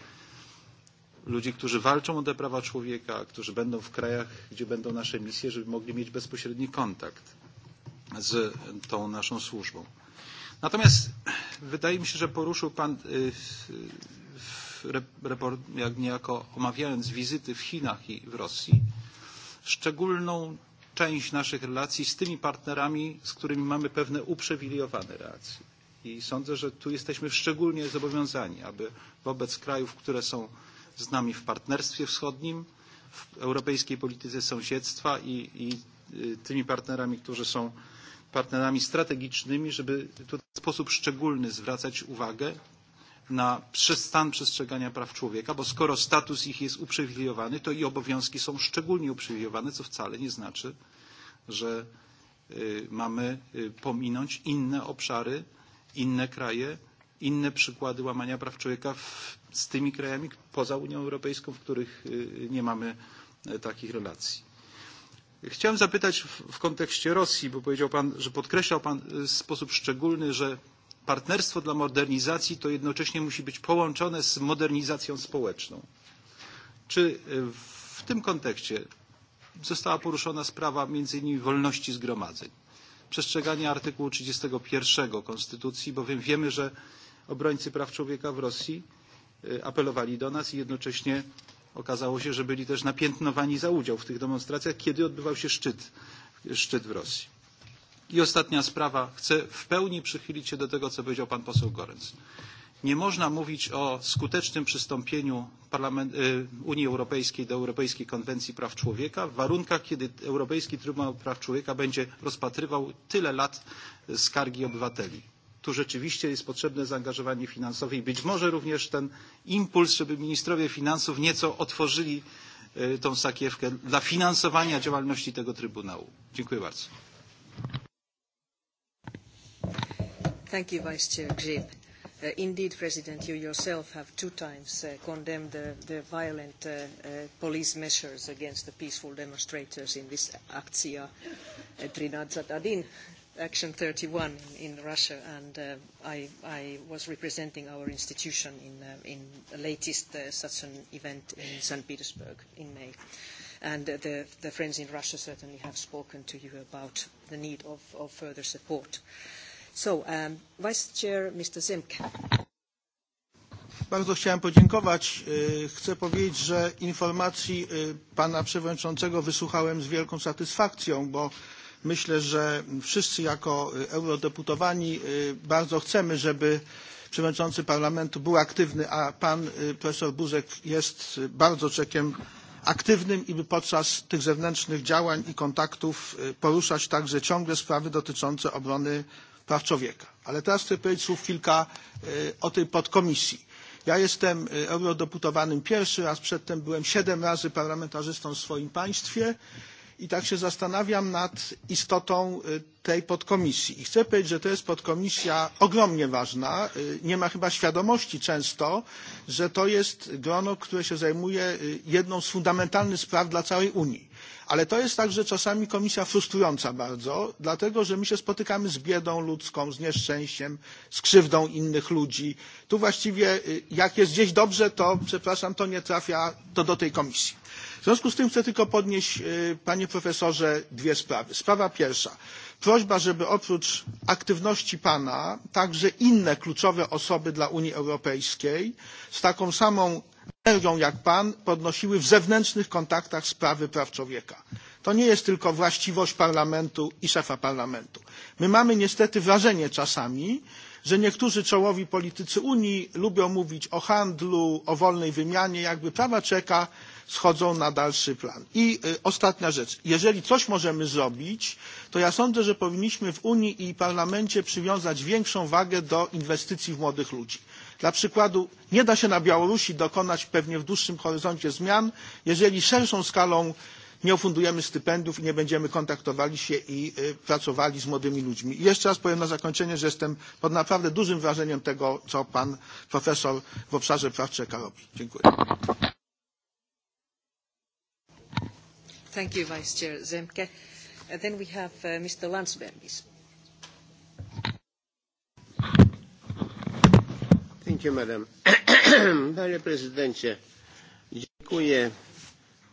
ludzi, którzy walczą o te prawa człowieka, którzy będą w krajach, gdzie będą nasze misje, żeby mogli mieć bezpośredni kontakt z tą naszą służbą. Natomiast wydaje mi się, że poruszył Pan report, jak niejako omawiając wizyty w Chinach i w Rosji, szczególną część naszych relacji z tymi partnerami, z którymi mamy pewne uprzywilejowane relacje. I sądzę, że tu jesteśmy szczególnie zobowiązani, aby wobec krajów, które są z nami w partnerstwie wschodnim, w europejskiej polityce sąsiedztwa i, i tymi partnerami, którzy są partnerami strategicznymi, żeby tutaj w sposób szczególny zwracać uwagę na stan przestrzegania praw człowieka, bo skoro status ich jest uprzywilejowany, to i obowiązki są szczególnie uprzywilejowane, co wcale nie znaczy, że mamy pominąć inne obszary, inne kraje, inne przykłady łamania praw człowieka w z tymi krajami poza Unią Europejską, w których nie mamy takich relacji. Chciałem zapytać w kontekście Rosji, bo powiedział Pan, że podkreślał Pan w sposób szczególny, że partnerstwo dla modernizacji to jednocześnie musi być połączone z modernizacją społeczną. Czy w tym kontekście została poruszona sprawa między innymi wolności zgromadzeń, przestrzegania artykułu 31 Konstytucji, bowiem wiemy, że obrońcy praw człowieka w Rosji apelowali do nas i jednocześnie okazało się, że byli też napiętnowani za udział w tych demonstracjach, kiedy odbywał się szczyt, szczyt w Rosji. I ostatnia sprawa. Chcę w pełni przychylić się do tego, co powiedział pan poseł Gorenc. Nie można mówić o skutecznym przystąpieniu Unii Europejskiej do Europejskiej Konwencji Praw Człowieka w warunkach, kiedy Europejski Trybunał Praw Człowieka będzie rozpatrywał tyle lat skargi obywateli tu rzeczywiście jest potrzebne zaangażowanie finansowe i być może również ten impuls, żeby ministrowie finansów nieco otworzyli tą sakiewkę dla finansowania działalności tego Trybunału. Dziękuję bardzo. Thank you, Vice Chair Grzyb. Uh, indeed, President, you yourself have two times uh, condemned the, the violent uh, uh, police measures against the peaceful demonstrators in this Akcija uh, Trinad Zadadin Action 31 in Russia, and uh, I, I was representing our institution in, uh, in the latest uh, such an event in St. Petersburg in May. And uh, the, the friends in Russia certainly have spoken to you about the need of, of further support. So, um, Vice Chair, Mr. Zemke. Bardzo chciałem podziękować. Chcę powiedzieć, że informacji pana przewodniczącego wysłuchałem z wielką satysfakcją, bo Myślę, że wszyscy jako eurodeputowani bardzo chcemy, żeby przewodniczący parlamentu był aktywny, a pan profesor Buzek jest bardzo czekiem aktywnym i by podczas tych zewnętrznych działań i kontaktów poruszać także ciągle sprawy dotyczące obrony praw człowieka. Ale teraz chcę powiedzieć słów kilka o tej podkomisji. Ja jestem eurodeputowanym pierwszy raz, przedtem byłem siedem razy parlamentarzystą w swoim państwie i tak się zastanawiam nad istotą tej podkomisji. I chcę powiedzieć, że to jest podkomisja ogromnie ważna. Nie ma chyba świadomości często, że to jest grono, które się zajmuje jedną z fundamentalnych spraw dla całej Unii. Ale to jest także czasami komisja frustrująca bardzo, dlatego że my się spotykamy z biedą ludzką, z nieszczęściem, z krzywdą innych ludzi. Tu właściwie jak jest gdzieś dobrze, to przepraszam, to nie trafia to do tej komisji. W związku z tym chcę tylko podnieść, panie profesorze, dwie sprawy. Sprawa pierwsza. Prośba, żeby oprócz aktywności pana także inne kluczowe osoby dla Unii Europejskiej z taką samą energią jak pan podnosiły w zewnętrznych kontaktach sprawy praw człowieka. To nie jest tylko właściwość parlamentu i szefa parlamentu. My mamy niestety wrażenie czasami, że niektórzy czołowi politycy Unii lubią mówić o handlu, o wolnej wymianie, jakby prawa człowieka schodzą na dalszy plan. I ostatnia rzecz. Jeżeli coś możemy zrobić, to ja sądzę, że powinniśmy w Unii i Parlamencie przywiązać większą wagę do inwestycji w młodych ludzi. Dla przykładu, nie da się na Białorusi dokonać pewnie w dłuższym horyzoncie zmian, jeżeli szerszą skalą nie ofundujemy stypendiów i nie będziemy kontaktowali się i pracowali z młodymi ludźmi. I jeszcze raz powiem na zakończenie, że jestem pod naprawdę dużym wrażeniem tego, co pan profesor w obszarze praw człowieka robi. Dziękuję. Thank you, Vice Chair Zemke. then we have Mr. Landsbergis. Thank you, Madam. Panie Prezydencie, dziękuję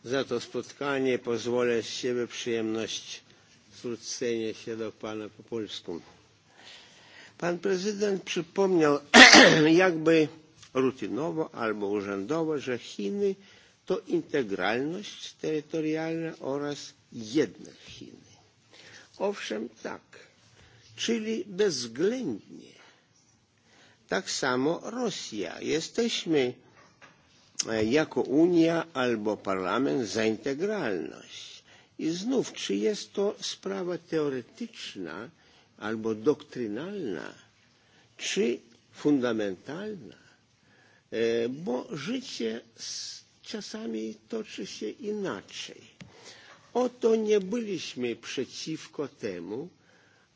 za to spotkanie. Pozwolę z siebie przyjemność zwrócenia się do Pana po polsku. Pan prezydent przypomniał jakby rutynowo albo urzędowo, że Chiny – to integralność terytorialna oraz jedne Chiny. Owszem, tak, czyli bezwzględnie. Tak samo Rosja. Jesteśmy jako Unia albo Parlament za integralność. I znów, czy jest to sprawa teoretyczna albo doktrynalna, czy fundamentalna? Bo życie z czasami toczy się inaczej. Oto nie byliśmy przeciwko temu,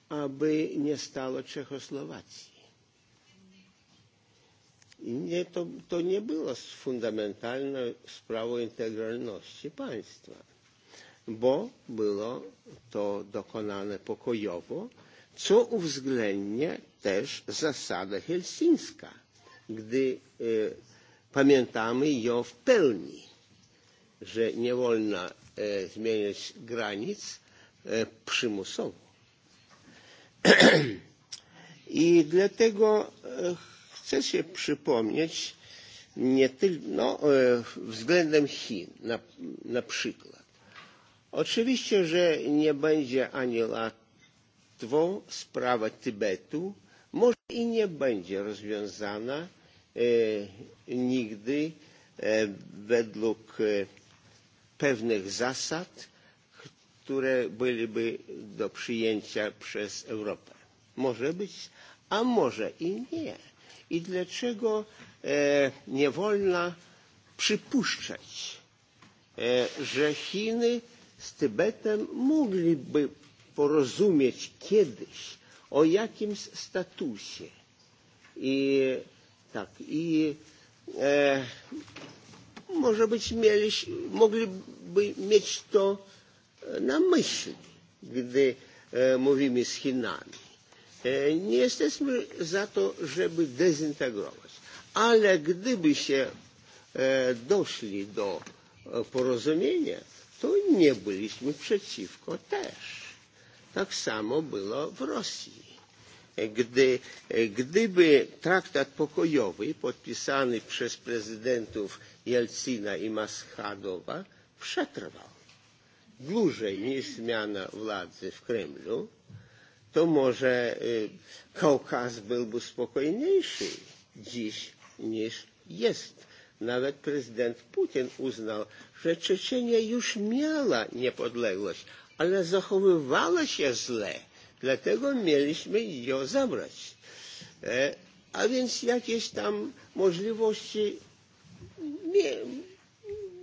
aby nie stało Czechosłowacji. I nie, to, to nie było fundamentalną sprawą integralności państwa, bo było to dokonane pokojowo, co uwzględnia też zasadę helsińska, gdy y, pamiętamy ją w pełni, że nie wolno zmieniać granic przymusowo. I dlatego chcę się przypomnieć nie tylko no, względem Chin na, na przykład. Oczywiście, że nie będzie ani łatwo sprawa Tybetu, może i nie będzie rozwiązana nigdy według pewnych zasad, które byłyby do przyjęcia przez Europę. Może być, a może i nie. I dlaczego nie wolno przypuszczać, że Chiny z Tybetem mogliby porozumieć kiedyś o jakimś statusie i Tak. I e, może być mieli, mogliby mieć to na myśli, gdy e, mówimy z Chinami. E, nie jesteśmy za to, żeby dezintegrować. Ale gdyby się e, doszli do porozumienia, to nie byliśmy przeciwko też. Tak samo było w Rosji gdy, gdyby traktat pokojowy podpisany przez prezydentów Jelcina i Maschadowa przetrwał dłużej niż zmiana władzy w Kremlu, to może Kaukaz byłby spokojniejszy dziś niż jest. Nawet prezydent Putin uznał, że Czeczenia już miała niepodległość, ale zachowywała się źle Dlatego mieliśmy ją zabrać. A więc jakieś tam możliwości nie,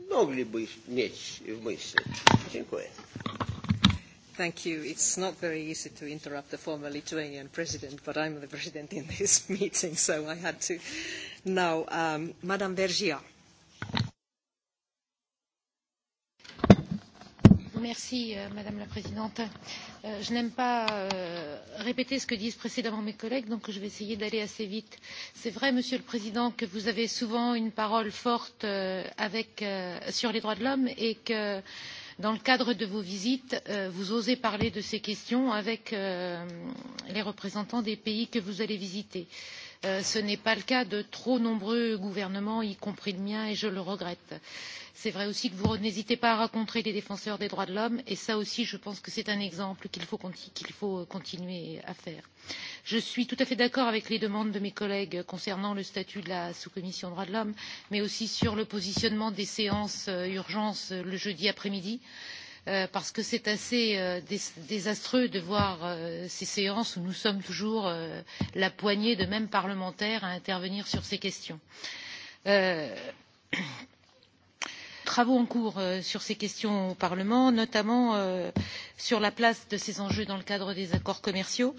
mogliby mieć w myśli. Dziękuję. Thank you. It's not very easy to interrupt the former Lithuanian president, but I'm the president in this meeting, so I had to. Now, um, Madame Vergia. madame la présidente je n'aime pas répéter ce que disent précédemment mes collègues donc je vais essayer d'aller assez vite. c'est vrai monsieur le président que vous avez souvent une parole forte sur les droits de l'homme et que dans le cadre de vos visites vous osez parler de ces questions avec les représentants des pays que vous allez visiter ce n'est pas le cas de trop nombreux gouvernements y compris le mien et je le regrette. c'est vrai aussi que vous n'hésitez pas à rencontrer les défenseurs des droits de l'homme et cela aussi je pense que c'est un exemple qu'il faut continuer à faire. je suis tout à fait d'accord avec les demandes de mes collègues concernant le statut de la sous commission droits de l'homme mais aussi sur le positionnement des séances urgences le jeudi après midi parce que c'est assez désastreux de voir ces séances où nous sommes toujours la poignée de mêmes parlementaires à intervenir sur ces questions. travaux en cours sur ces questions au parlement notamment sur la place de ces enjeux dans le cadre des accords commerciaux.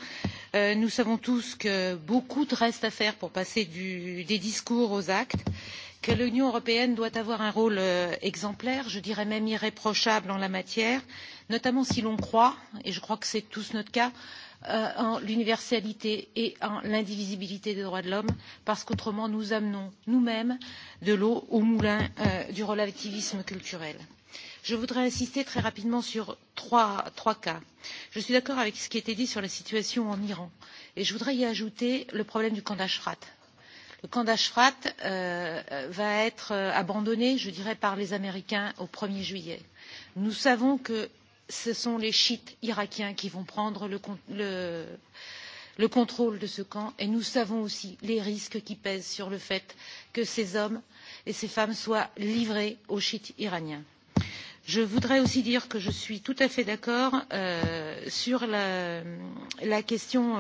nous savons tous que beaucoup reste à faire pour passer des discours aux actes que l'Union européenne doit avoir un rôle exemplaire, je dirais même irréprochable en la matière, notamment si l'on croit, et je crois que c'est tous notre cas, en l'universalité et en l'indivisibilité des droits de l'homme, parce qu'autrement nous amenons nous-mêmes de l'eau au moulin du relativisme culturel. Je voudrais insister très rapidement sur trois, cas. Je suis d'accord avec ce qui a été dit sur la situation en Iran et je voudrais y ajouter le problème du camp d'Ashrat Le camp d'Ashraf va être abandonné, je dirais, par les Américains au 1er juillet. Nous savons que ce sont les chiites irakiens qui vont prendre le, le, le contrôle de ce camp et nous savons aussi les risques qui pèsent sur le fait que ces hommes et ces femmes soient livrés aux chiites iraniens. Je voudrais aussi dire que je suis tout à fait d'accord sur la, question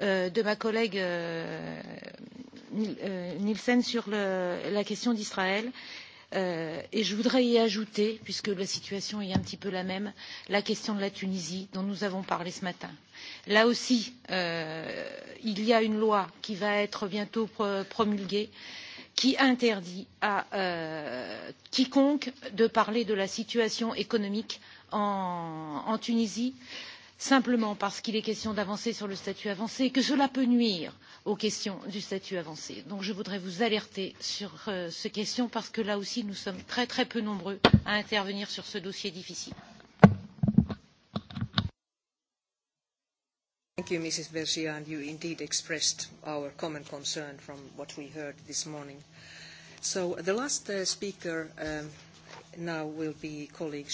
de ma collègue nielsen sur la question d'israël et je voudrais y ajouter puisque la situation est un petit peu la même la question de la tunisie dont nous avons parlé ce matin. là aussi il y a une loi qui va être bientôt promulguée qui interdit à quiconque de parler de la situation économique en tunisie et simplement parce qu'il est question d'avancer sur le statut avancé et que cela peut nuire aux questions du statut avancé. donc je voudrais vous alerter sur ces questions parce que là aussi nous sommes très très peu nombreux à intervenir sur ce dossier difficile. Thank you, Mrs. Bergia, and you indeed expressed our common concern from what we heard this morning. So the last speaker now will be colleague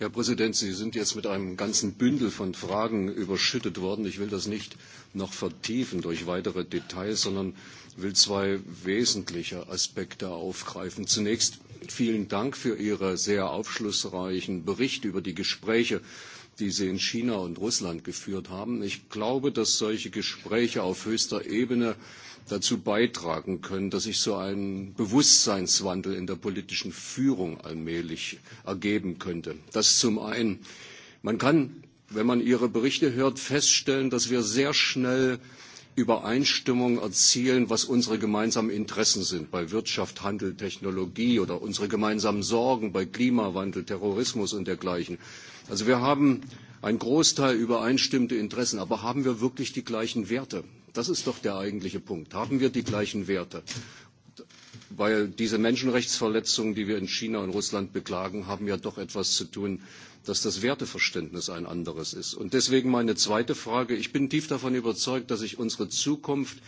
Herr Präsident, Sie sind jetzt mit einem ganzen Bündel von Fragen überschüttet worden. Ich will das nicht noch vertiefen durch weitere Details, sondern will zwei wesentliche Aspekte aufgreifen. Zunächst vielen Dank für Ihren sehr aufschlussreichen Bericht über die Gespräche die sie in China und Russland geführt haben. Ich glaube, dass solche Gespräche auf höchster Ebene dazu beitragen können, dass sich so ein Bewusstseinswandel in der politischen Führung allmählich ergeben könnte. Das zum einen. Man kann, wenn man Ihre Berichte hört, feststellen, dass wir sehr schnell Übereinstimmung erzielen, was unsere gemeinsamen Interessen sind bei Wirtschaft, Handel, Technologie oder unsere gemeinsamen Sorgen bei Klimawandel, Terrorismus und dergleichen. Also wir haben einen Großteil übereinstimmte Interessen, aber haben wir wirklich die gleichen Werte? Das ist doch der eigentliche Punkt. Haben wir die gleichen Werte? weil diese Menschenrechtsverletzungen, die wir in China und Russland beklagen, haben ja doch etwas zu tun, dass das Werteverständnis ein anderes ist. Und deswegen meine zweite Frage. Ich bin tief davon überzeugt, dass sich unsere Zukunft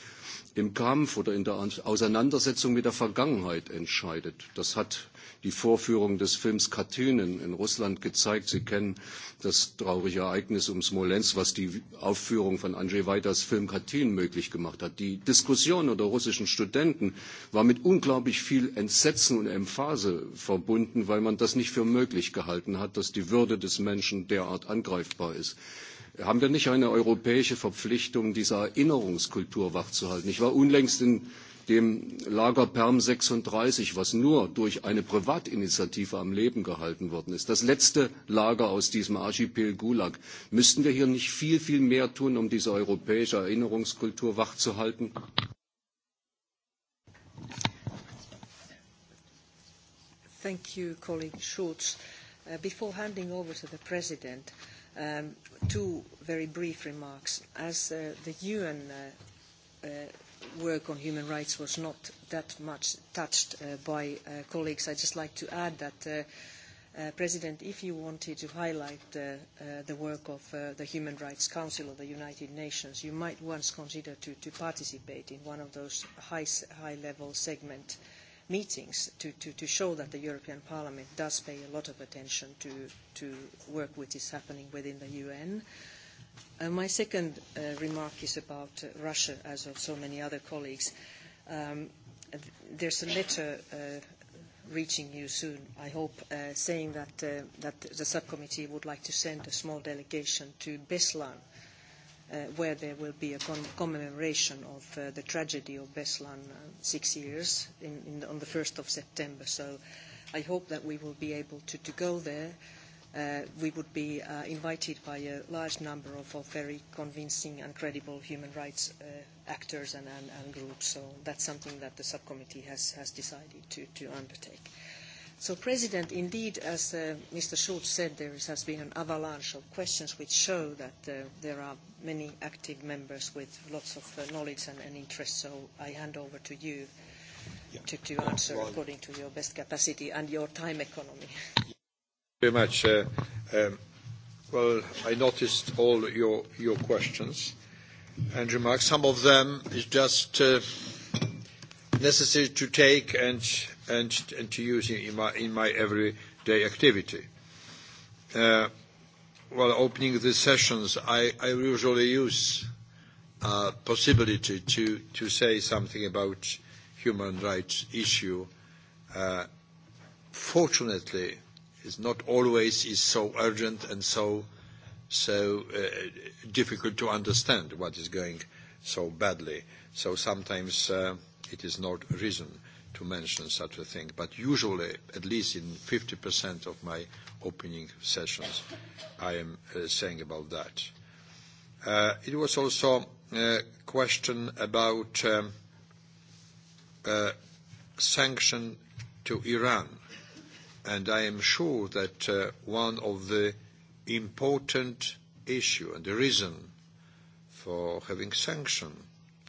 im Kampf oder in der Auseinandersetzung mit der Vergangenheit entscheidet. Das hat die Vorführung des Films Katynen in Russland gezeigt. Sie kennen das traurige Ereignis um Smolensk, was die Aufführung von Andrzej Wajdas Film Katyn möglich gemacht hat. Die Diskussion unter russischen Studenten war mit unglaublich viel Entsetzen und Emphase verbunden, weil man das nicht für möglich gehalten hat, dass die Würde des Menschen derart angreifbar ist. Haben wir nicht eine europäische Verpflichtung, diese Erinnerungskultur wachzuhalten? Ich war unlängst in dem Lager Perm 36, was nur durch eine Privatinitiative am Leben gehalten worden ist, das letzte Lager aus diesem Archipel Gulag. Müssten wir hier nicht viel, viel mehr tun, um diese europäische Erinnerungskultur wachzuhalten? Thank you, colleague Schulz. before handing over to the President, two very brief remarks. As the UN work on human rights was not that much touched by colleagues, I'd just like to add that President, if you wanted to highlight the work of the Human Rights Council of the United Nations, you might once consider to participate in one of those high-level segment meetings to, to, to show that the European Parliament does pay a lot of attention to, to work which is happening within the UN. Uh, my second uh, remark is about uh, Russia, as of so many other colleagues. Um, there's a letter uh, reaching you soon, I hope, uh, saying that, uh, that the subcommittee would like to send a small delegation to Beslan, where there will be a commemoration of the tragedy of Beslan six years in, in the, on the 1st of September. So I hope that we will be able to, to go there. Uh, we would be uh, invited by a large number of, of very convincing and credible human rights uh, actors and, and, and groups. So that's something that the subcommittee has, has decided to, to undertake. Uh, So, President, indeed, as Mr. Schulz said, there has been an avalanche of questions which show that there are many active members with lots of knowledge and interest. So I hand over to you to answer according to your best capacity and your time economy. Very much. Well, I noticed all your questions and remarks. Some of them is just necessary to take and and, and to use in my, in my everyday activity. Uh, while opening the sessions, I, I usually use uh, possibility to, to say something about human rights issue. Uh, fortunately, it's not always is so urgent and so so uh, difficult to understand what is going so badly. So sometimes uh, it is not reason to mention such a thing, but usually, at least in 50% of my opening sessions, I am uh, saying about that. Uh, it was also a question about um, uh, sanction to Iran, and I am sure that uh, one of the important issue and the reason for having sanction,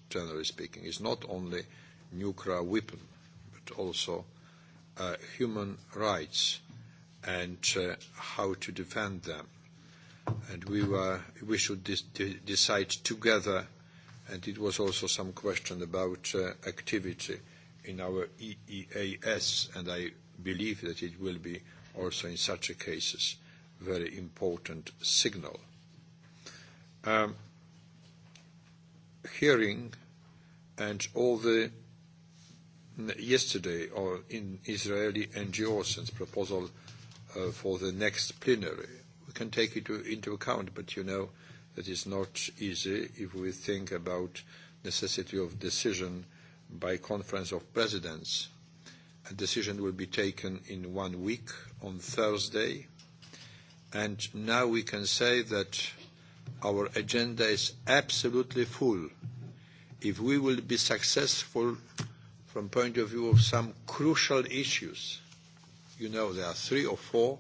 generally speaking, is not only nuclear weapon also uh, human rights and uh, how to defend them. And we, were, we should de- decide together, and it was also some question about uh, activity in our EEAS, and I believe that it will be also in such cases very important signal. Um, hearing and all the yesterday or in Israeli NGOs and proposal uh, for the next plenary. We can take it into account, but you know that is not easy if we think about necessity of decision by conference of presidents. A decision will be taken in one week on Thursday. And now we can say that our agenda is absolutely full. If we will be successful from point of view of some crucial issues. You know, there are three or four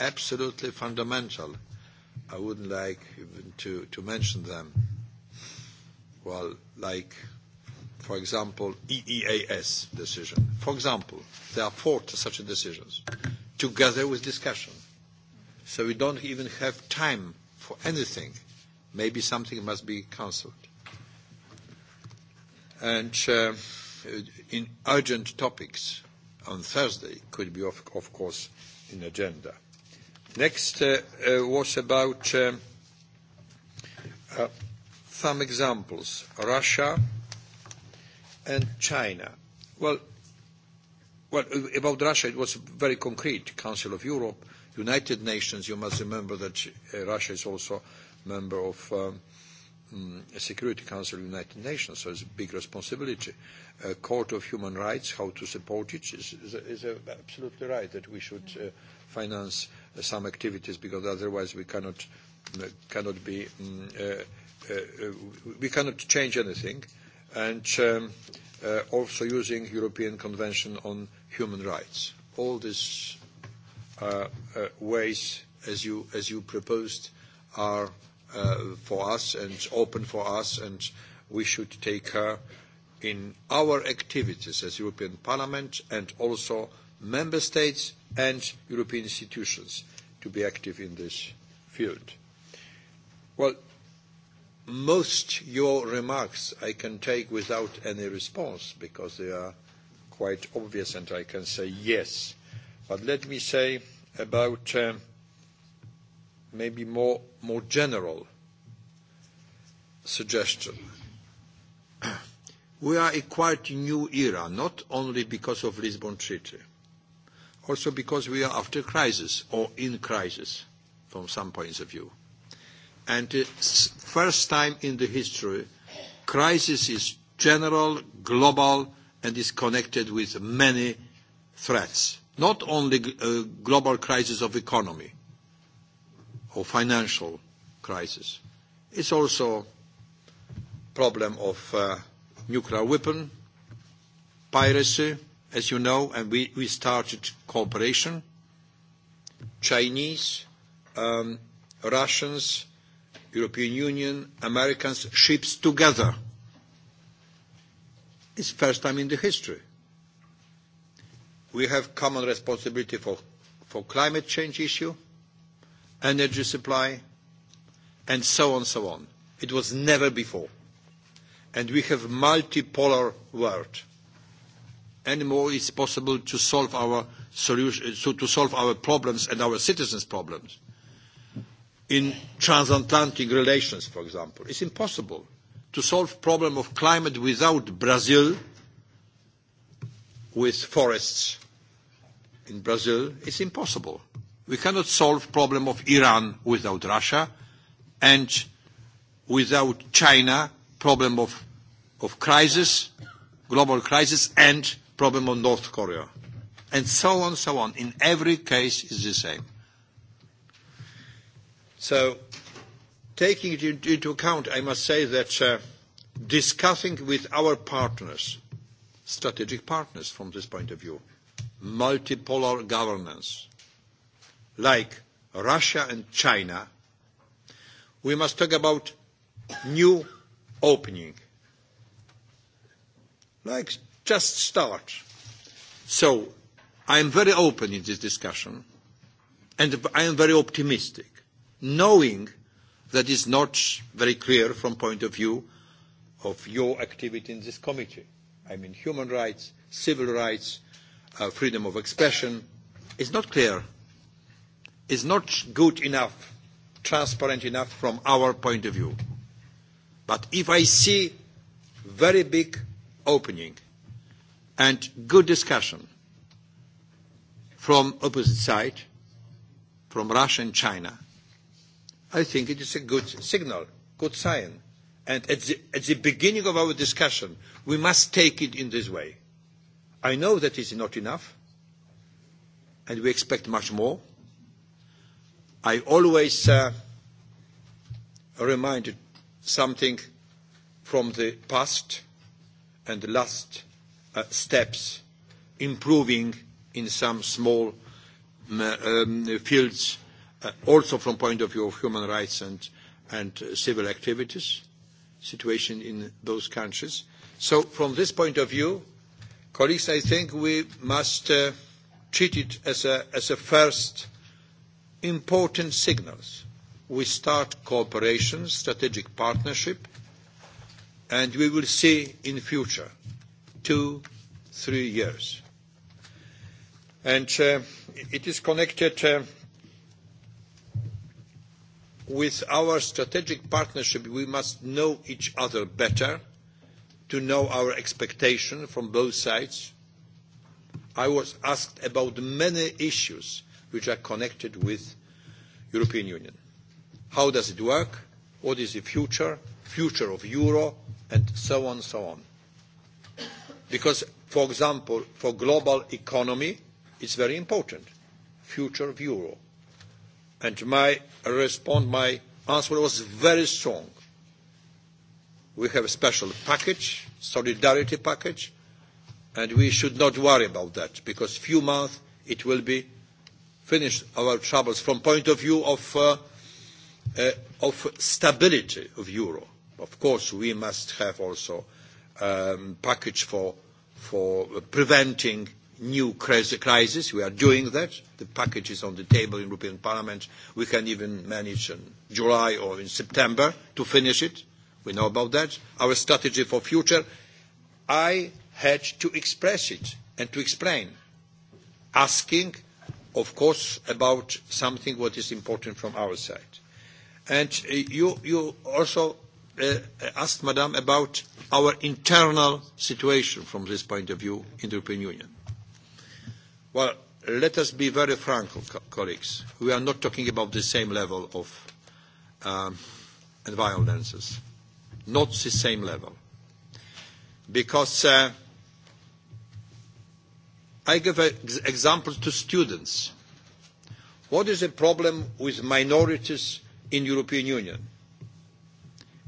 absolutely fundamental. I wouldn't like even to, to mention them. Well, like, for example, EEAS decision. For example, there are four such decisions, together with discussion. So we don't even have time for anything. Maybe something must be cancelled. And... Uh, in urgent topics on Thursday could be, of, of course, in agenda. Next uh, uh, was about uh, uh, some examples, Russia and China. Well, well, about Russia, it was very concrete, Council of Europe, United Nations. You must remember that uh, Russia is also a member of um, Security Council of the United Nations, so it's a big responsibility. A Court of Human Rights, how to support it, is, is, is absolutely right that we should uh, finance uh, some activities because otherwise we cannot, uh, cannot be, um, uh, uh, we cannot change anything. And um, uh, also using European Convention on Human Rights. All these uh, uh, ways, as you, as you proposed, are for us and open for us, and we should take her in our activities as European Parliament and also Member States and European institutions to be active in this field. Well, most your remarks I can take without any response because they are quite obvious and I can say yes. But let me say about maybe more, more general suggestion. We are a quite new era, not only because of Lisbon Treaty, also because we are after crisis or in crisis from some points of view. And it's first time in the history, crisis is general, global, and is connected with many threats. Not only a global crisis of economy, or financial crisis. It's also problem of uh, nuclear weapon, piracy, as you know, and we, we started cooperation. Chinese, um, Russians, European Union, Americans, ships together. It's first time in the history. We have common responsibility for, for climate change issue, energy supply, and so on, so on. It was never before. And we have multipolar world. And more is possible to solve our solution, so to solve our problems and our citizens' problems. In transatlantic relations, for example, it's impossible to solve problem of climate without Brazil with forests in Brazil. It's impossible We cannot solve the problem of Iran without Russia and without China, problem of, of crisis, global crisis, and problem of North Korea. And so on, so on. In every case, is the same. So, taking it into account, I must say that uh, discussing with our partners, strategic partners from this point of view, multipolar governance, like Russia and China, we must talk about new opening, like just start. So I am very open in this discussion, and I am very optimistic, knowing that is not very clear from point of view of your activity in this committee. I mean, human rights, civil rights, uh, freedom of expression. It's not clear is not good enough, transparent enough from our point of view. But if I see very big opening and good discussion from opposite side, from Russia and China, I think it is a good signal, good sign. And at the, at the beginning of our discussion, we must take it in this way. I know that is not enough, and we expect much more, I always uh, reminded something from the past and the last uh, steps, improving in some small um, fields, uh, also from point of view of human rights and, and uh, civil activities, situation in those countries. So from this point of view, colleagues, I think we must uh, treat it as a, as a first important signals. We start cooperation, strategic partnership, and we will see in future, two, three years. And It is connected with our strategic partnership. We must know each other better to know our expectation from both sides. I was asked about many issues which are connected with European Union. How does it work? What is the future? Future of Euro? And so on, so on. Because, for example, for global economy, it's very important. Future of Euro. And my response, my answer was very strong. We have a special package, solidarity package, and we should not worry about that because few months it will be finish our troubles from point of view of, uh, uh, of stability of euro. Of course, we must have also a um, package for, for preventing new crisis. We are doing that. The package is on the table in European Parliament. We can even manage in July or in September to finish it. We know about that. Our strategy for future, I had to express it and to explain, asking of course, about something what is important from our side. And you, you also uh, asked, Madam, about our internal situation from this point of view in the European Union. Well, let us be very frank, colleagues. We are not talking about the same level of um, violences. Not the same level. Because uh, I give an example to students. What is the problem with minorities in the European Union?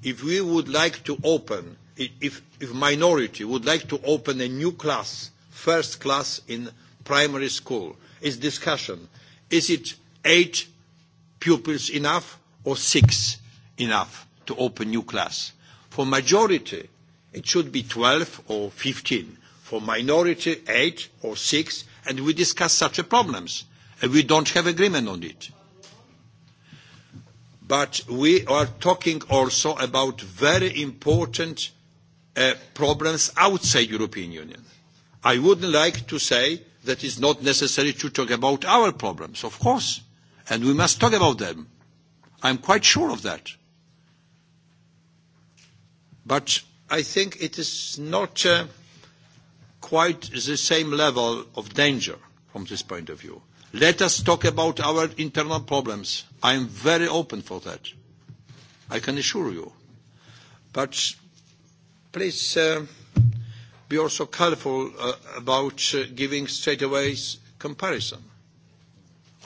If we would like to open, if, if minority would like to open a new class, first class in primary school, is discussion. Is it eight pupils enough or six enough to open new class? For majority, it should be twelve or fifteen for minority eight or six, and we discuss such problems, and we don't have agreement on it. But we are talking also about very important problems outside the European Union. I would like to say that it is not necessary to talk about our problems, of course, and we must talk about them. I am quite sure of that. But I think it is not quite the same level of danger from this point of view. Let us talk about our internal problems. I am very open for that. I can assure you. But please uh, be also careful uh, about uh, giving away comparison.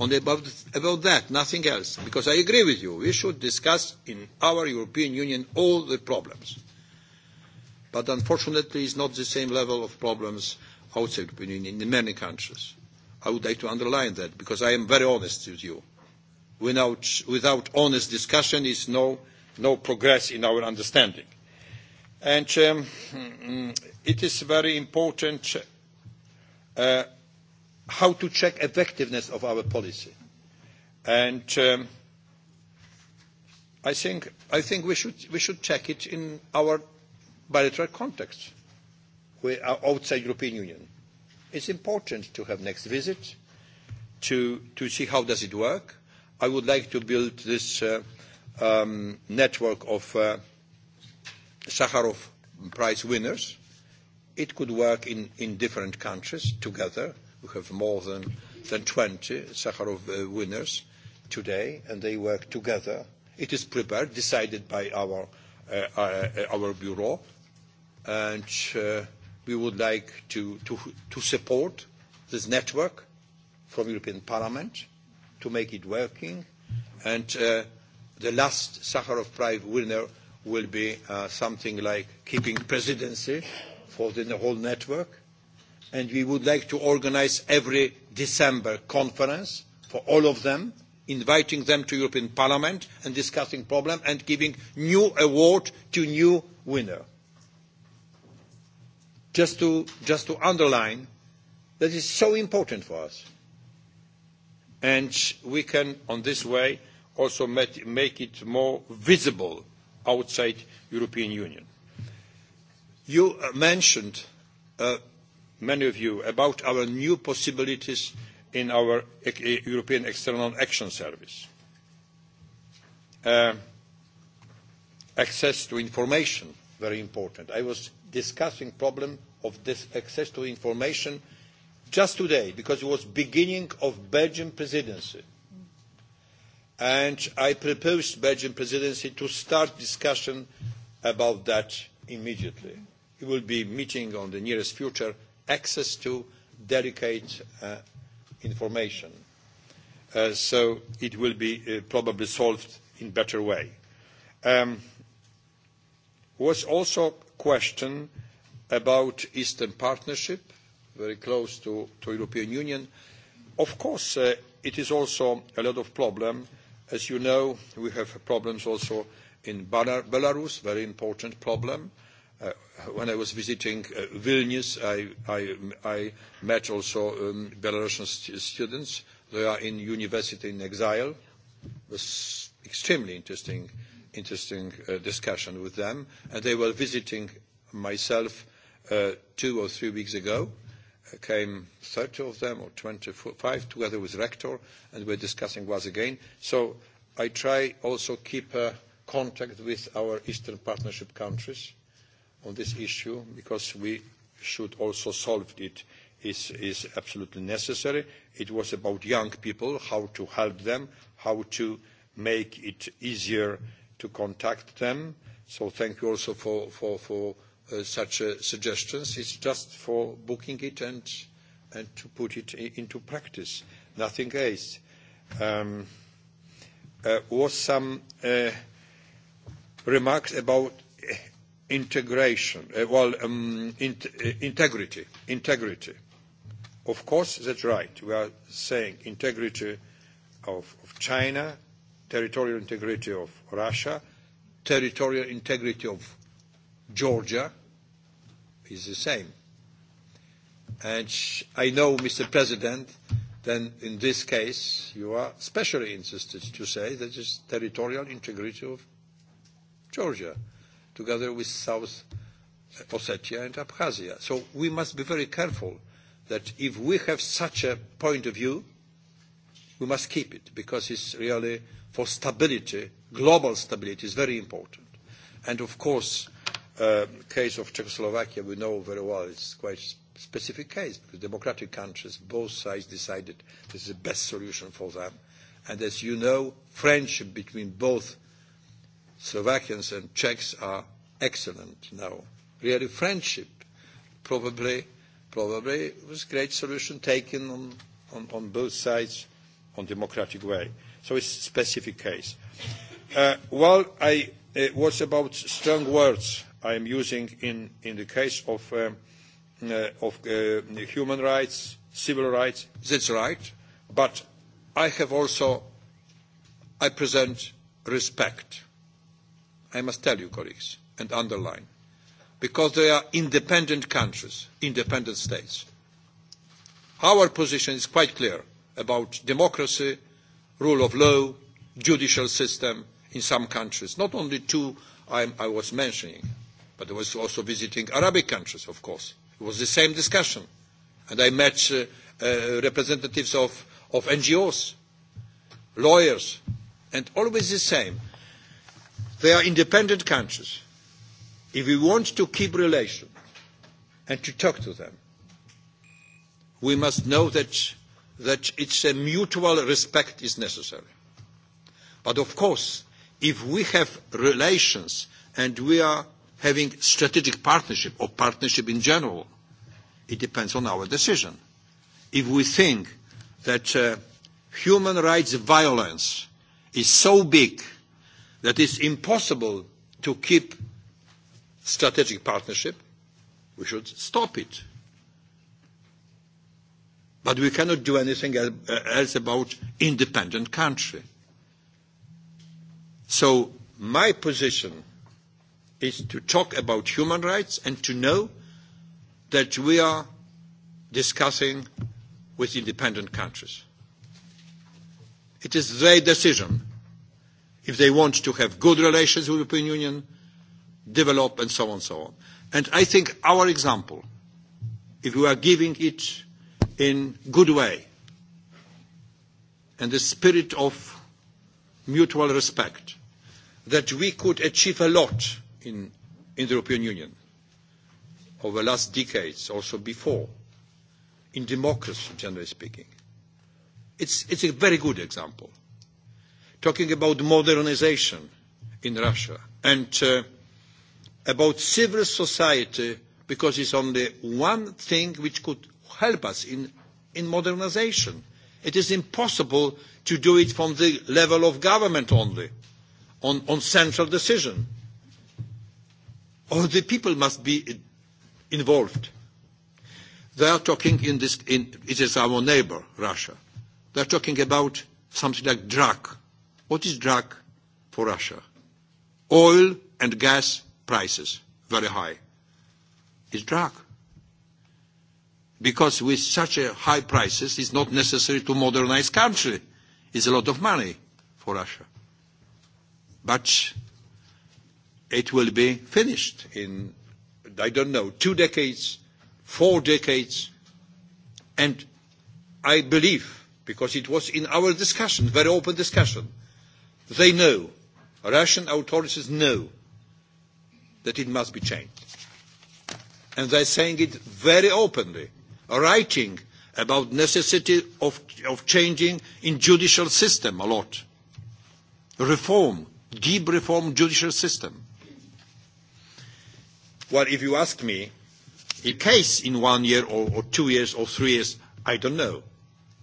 Only about, about that, nothing else. Because I agree with you. We should discuss in our European Union all the problems but unfortunately it's not the same level of problems outside the Union in many countries. I would like to underline that because I am very honest with you. Without, without honest discussion is no, no progress in our understanding. And it is very important how to check effectiveness of our policy. And I think, I think we, should, we should check it in our bilateral contacts with, outside European Union. It's important to have next visit to, to see how does it work. I would like to build this uh, um, network of uh, Sakharov Prize winners. It could work in, in different countries together. We have more than, than 20 Sakharov uh, winners today, and they work together. It is prepared, decided by our, uh, our, our bureau, and we would like to, to, to support this network from European Parliament to make it working, and uh, the last Sakharov Prize winner will be uh, something like keeping presidency for the whole network, and we would like to organize every December conference for all of them, inviting them to European Parliament and discussing problem and giving new award to new winner just to, just to underline that is so important for us. And we can, on this way, also make it more visible outside European Union. You mentioned, many of you, about our new possibilities in our European External Action Service. access to information, very important. I was discussing problem of this access to information just today because it was beginning of Belgian presidency. And I proposed Belgian presidency to start discussion about that immediately. It will be meeting on the nearest future access to delicate uh, information. Uh, so it will be uh, probably solved in a better way. Um, was also question about Eastern Partnership, very close to the European Union. Of course, it is also a lot of problem. As you know, we have problems also in Belarus, very important problem. When I was visiting Vilnius, I met also Belarusian students. They are in university in exile. It was extremely interesting interesting uh, discussion with them, and they were visiting myself uh, two or three weeks ago. Uh, came 30 of them or 25 together with rector, and we're discussing once again. So I try also keep uh, contact with our Eastern Partnership countries on this issue because we should also solve it is, is absolutely necessary. It was about young people, how to help them, how to make it easier to contact them. So thank you also for, for, for uh, such uh, suggestions. It's just for booking it and, and to put it into practice, nothing else. Um, uh, was some uh, remarks about integration, uh, well, um, uh, integrity, integrity. Of course, that's right. We are saying integrity of, of China, territorial integrity of Russia, territorial integrity of Georgia is the same. And I know, Mr. President, then in this case you are especially interested to say that it's territorial integrity of Georgia, together with South Ossetia and Abkhazia. So we must be very careful that if we have such a point of view, we must keep it because it's really for stability, global stability is very important. And of course, the case of Czechoslovakia we know very well. It's quite a specific case because democratic countries, both sides decided this is the best solution for them. And as you know, friendship between both Slovakians and Czechs are excellent now. Really friendship, probably, probably was a great solution taken on, on, on both sides on democratic way. So it's a specific case. Uh, while I uh, was about strong words I am using in, in the case of, um, uh, of uh, human rights, civil rights, that's right, but I have also, I present respect. I must tell you, colleagues, and underline, because they are independent countries, independent states. Our position is quite clear about democracy, rule of law, judicial system in some countries. Not only two I, I was mentioning, but I was also visiting Arabic countries, of course. It was the same discussion. And I met uh, uh, representatives of, of NGOs, lawyers, and always the same. They are independent countries. If we want to keep relations and to talk to them, we must know that that it's a mutual respect is necessary. But of course, if we have relations and we are having strategic partnership or partnership in general, it depends on our decision. If we think that uh, human rights violence is so big that it's impossible to keep strategic partnership, we should stop it But we cannot do anything else about independent country. So my position is to talk about human rights and to know that we are discussing with independent countries. It is their decision if they want to have good relations with the European Union, develop and so on and so on. And I think our example, if we are giving it in good way and the spirit of mutual respect that we could achieve a lot in, in the European Union over the last decades, also before, in democracy, generally speaking. It's, it's a very good example. Talking about modernization in Russia and uh, about civil society, because it's only one thing which could help us in, in modernization. It is impossible to do it from the level of government only, on, on central decision. All the people must be involved. They are talking in this, in, it is our neighbor, Russia. They are talking about something like drug. What is drug for Russia? Oil and gas prices, very high. It's drug because with such a high prices, it's not necessary to modernize country. It's a lot of money for Russia. But it will be finished in, I don't know, two decades, four decades. And I believe, because it was in our discussion, very open discussion, they know, Russian authorities know that it must be changed. And they're saying it very openly writing about necessity of, of changing in judicial system a lot. Reform, deep reform judicial system. Well, if you ask me, a case in one year or, or two years or three years, I don't know.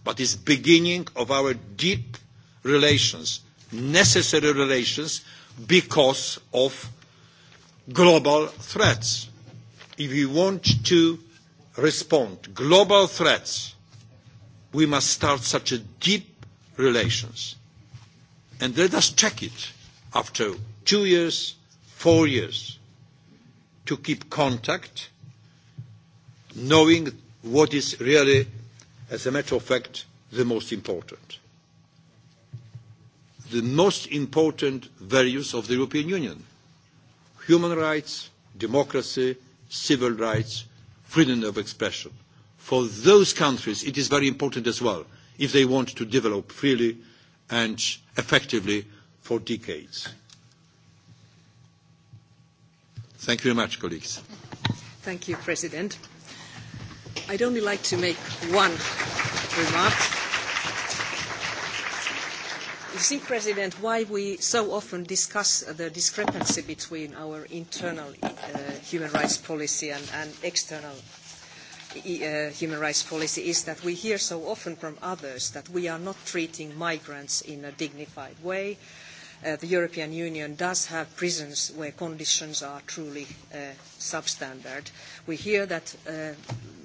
But it's beginning of our deep relations, necessary relations, because of global threats. If we want to respond to global threats, we must start such a deep relations. And let us check it after two years, four years, to keep contact, knowing what is really, as a matter of fact, the most important. The most important values of the European Union human rights, democracy, civil rights, freedom of expression. For those countries, it is very important as well, if they want to develop freely and effectively for decades. Thank you very much, colleagues. Thank you, President. I'd only like to make one remark. You see, President, why we so often discuss the discrepancy between our internal human rights policy and, external human rights policy is that we hear so often from others that we are not treating migrants in a dignified way, the European Union does have prisons where conditions are truly substandard. We hear that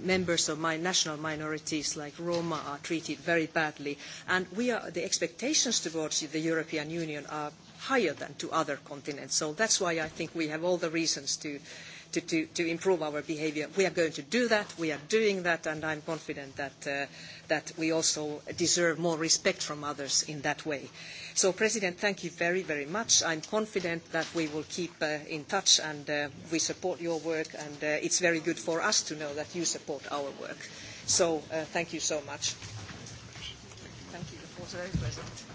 members of national minorities like Roma are treated very badly, and the expectations towards the European Union are higher than to other continents. So that's why I think we have all the reasons to to, to, improve our behaviour. We are going to do that, we are doing that, and I'm confident that, we also deserve more respect from others in that way. So, President, thank you very, very much. I'm confident that we will keep in touch and we support your work, and it's very good for us to know that you support our work. So, thank you so much. Thank you. The floor is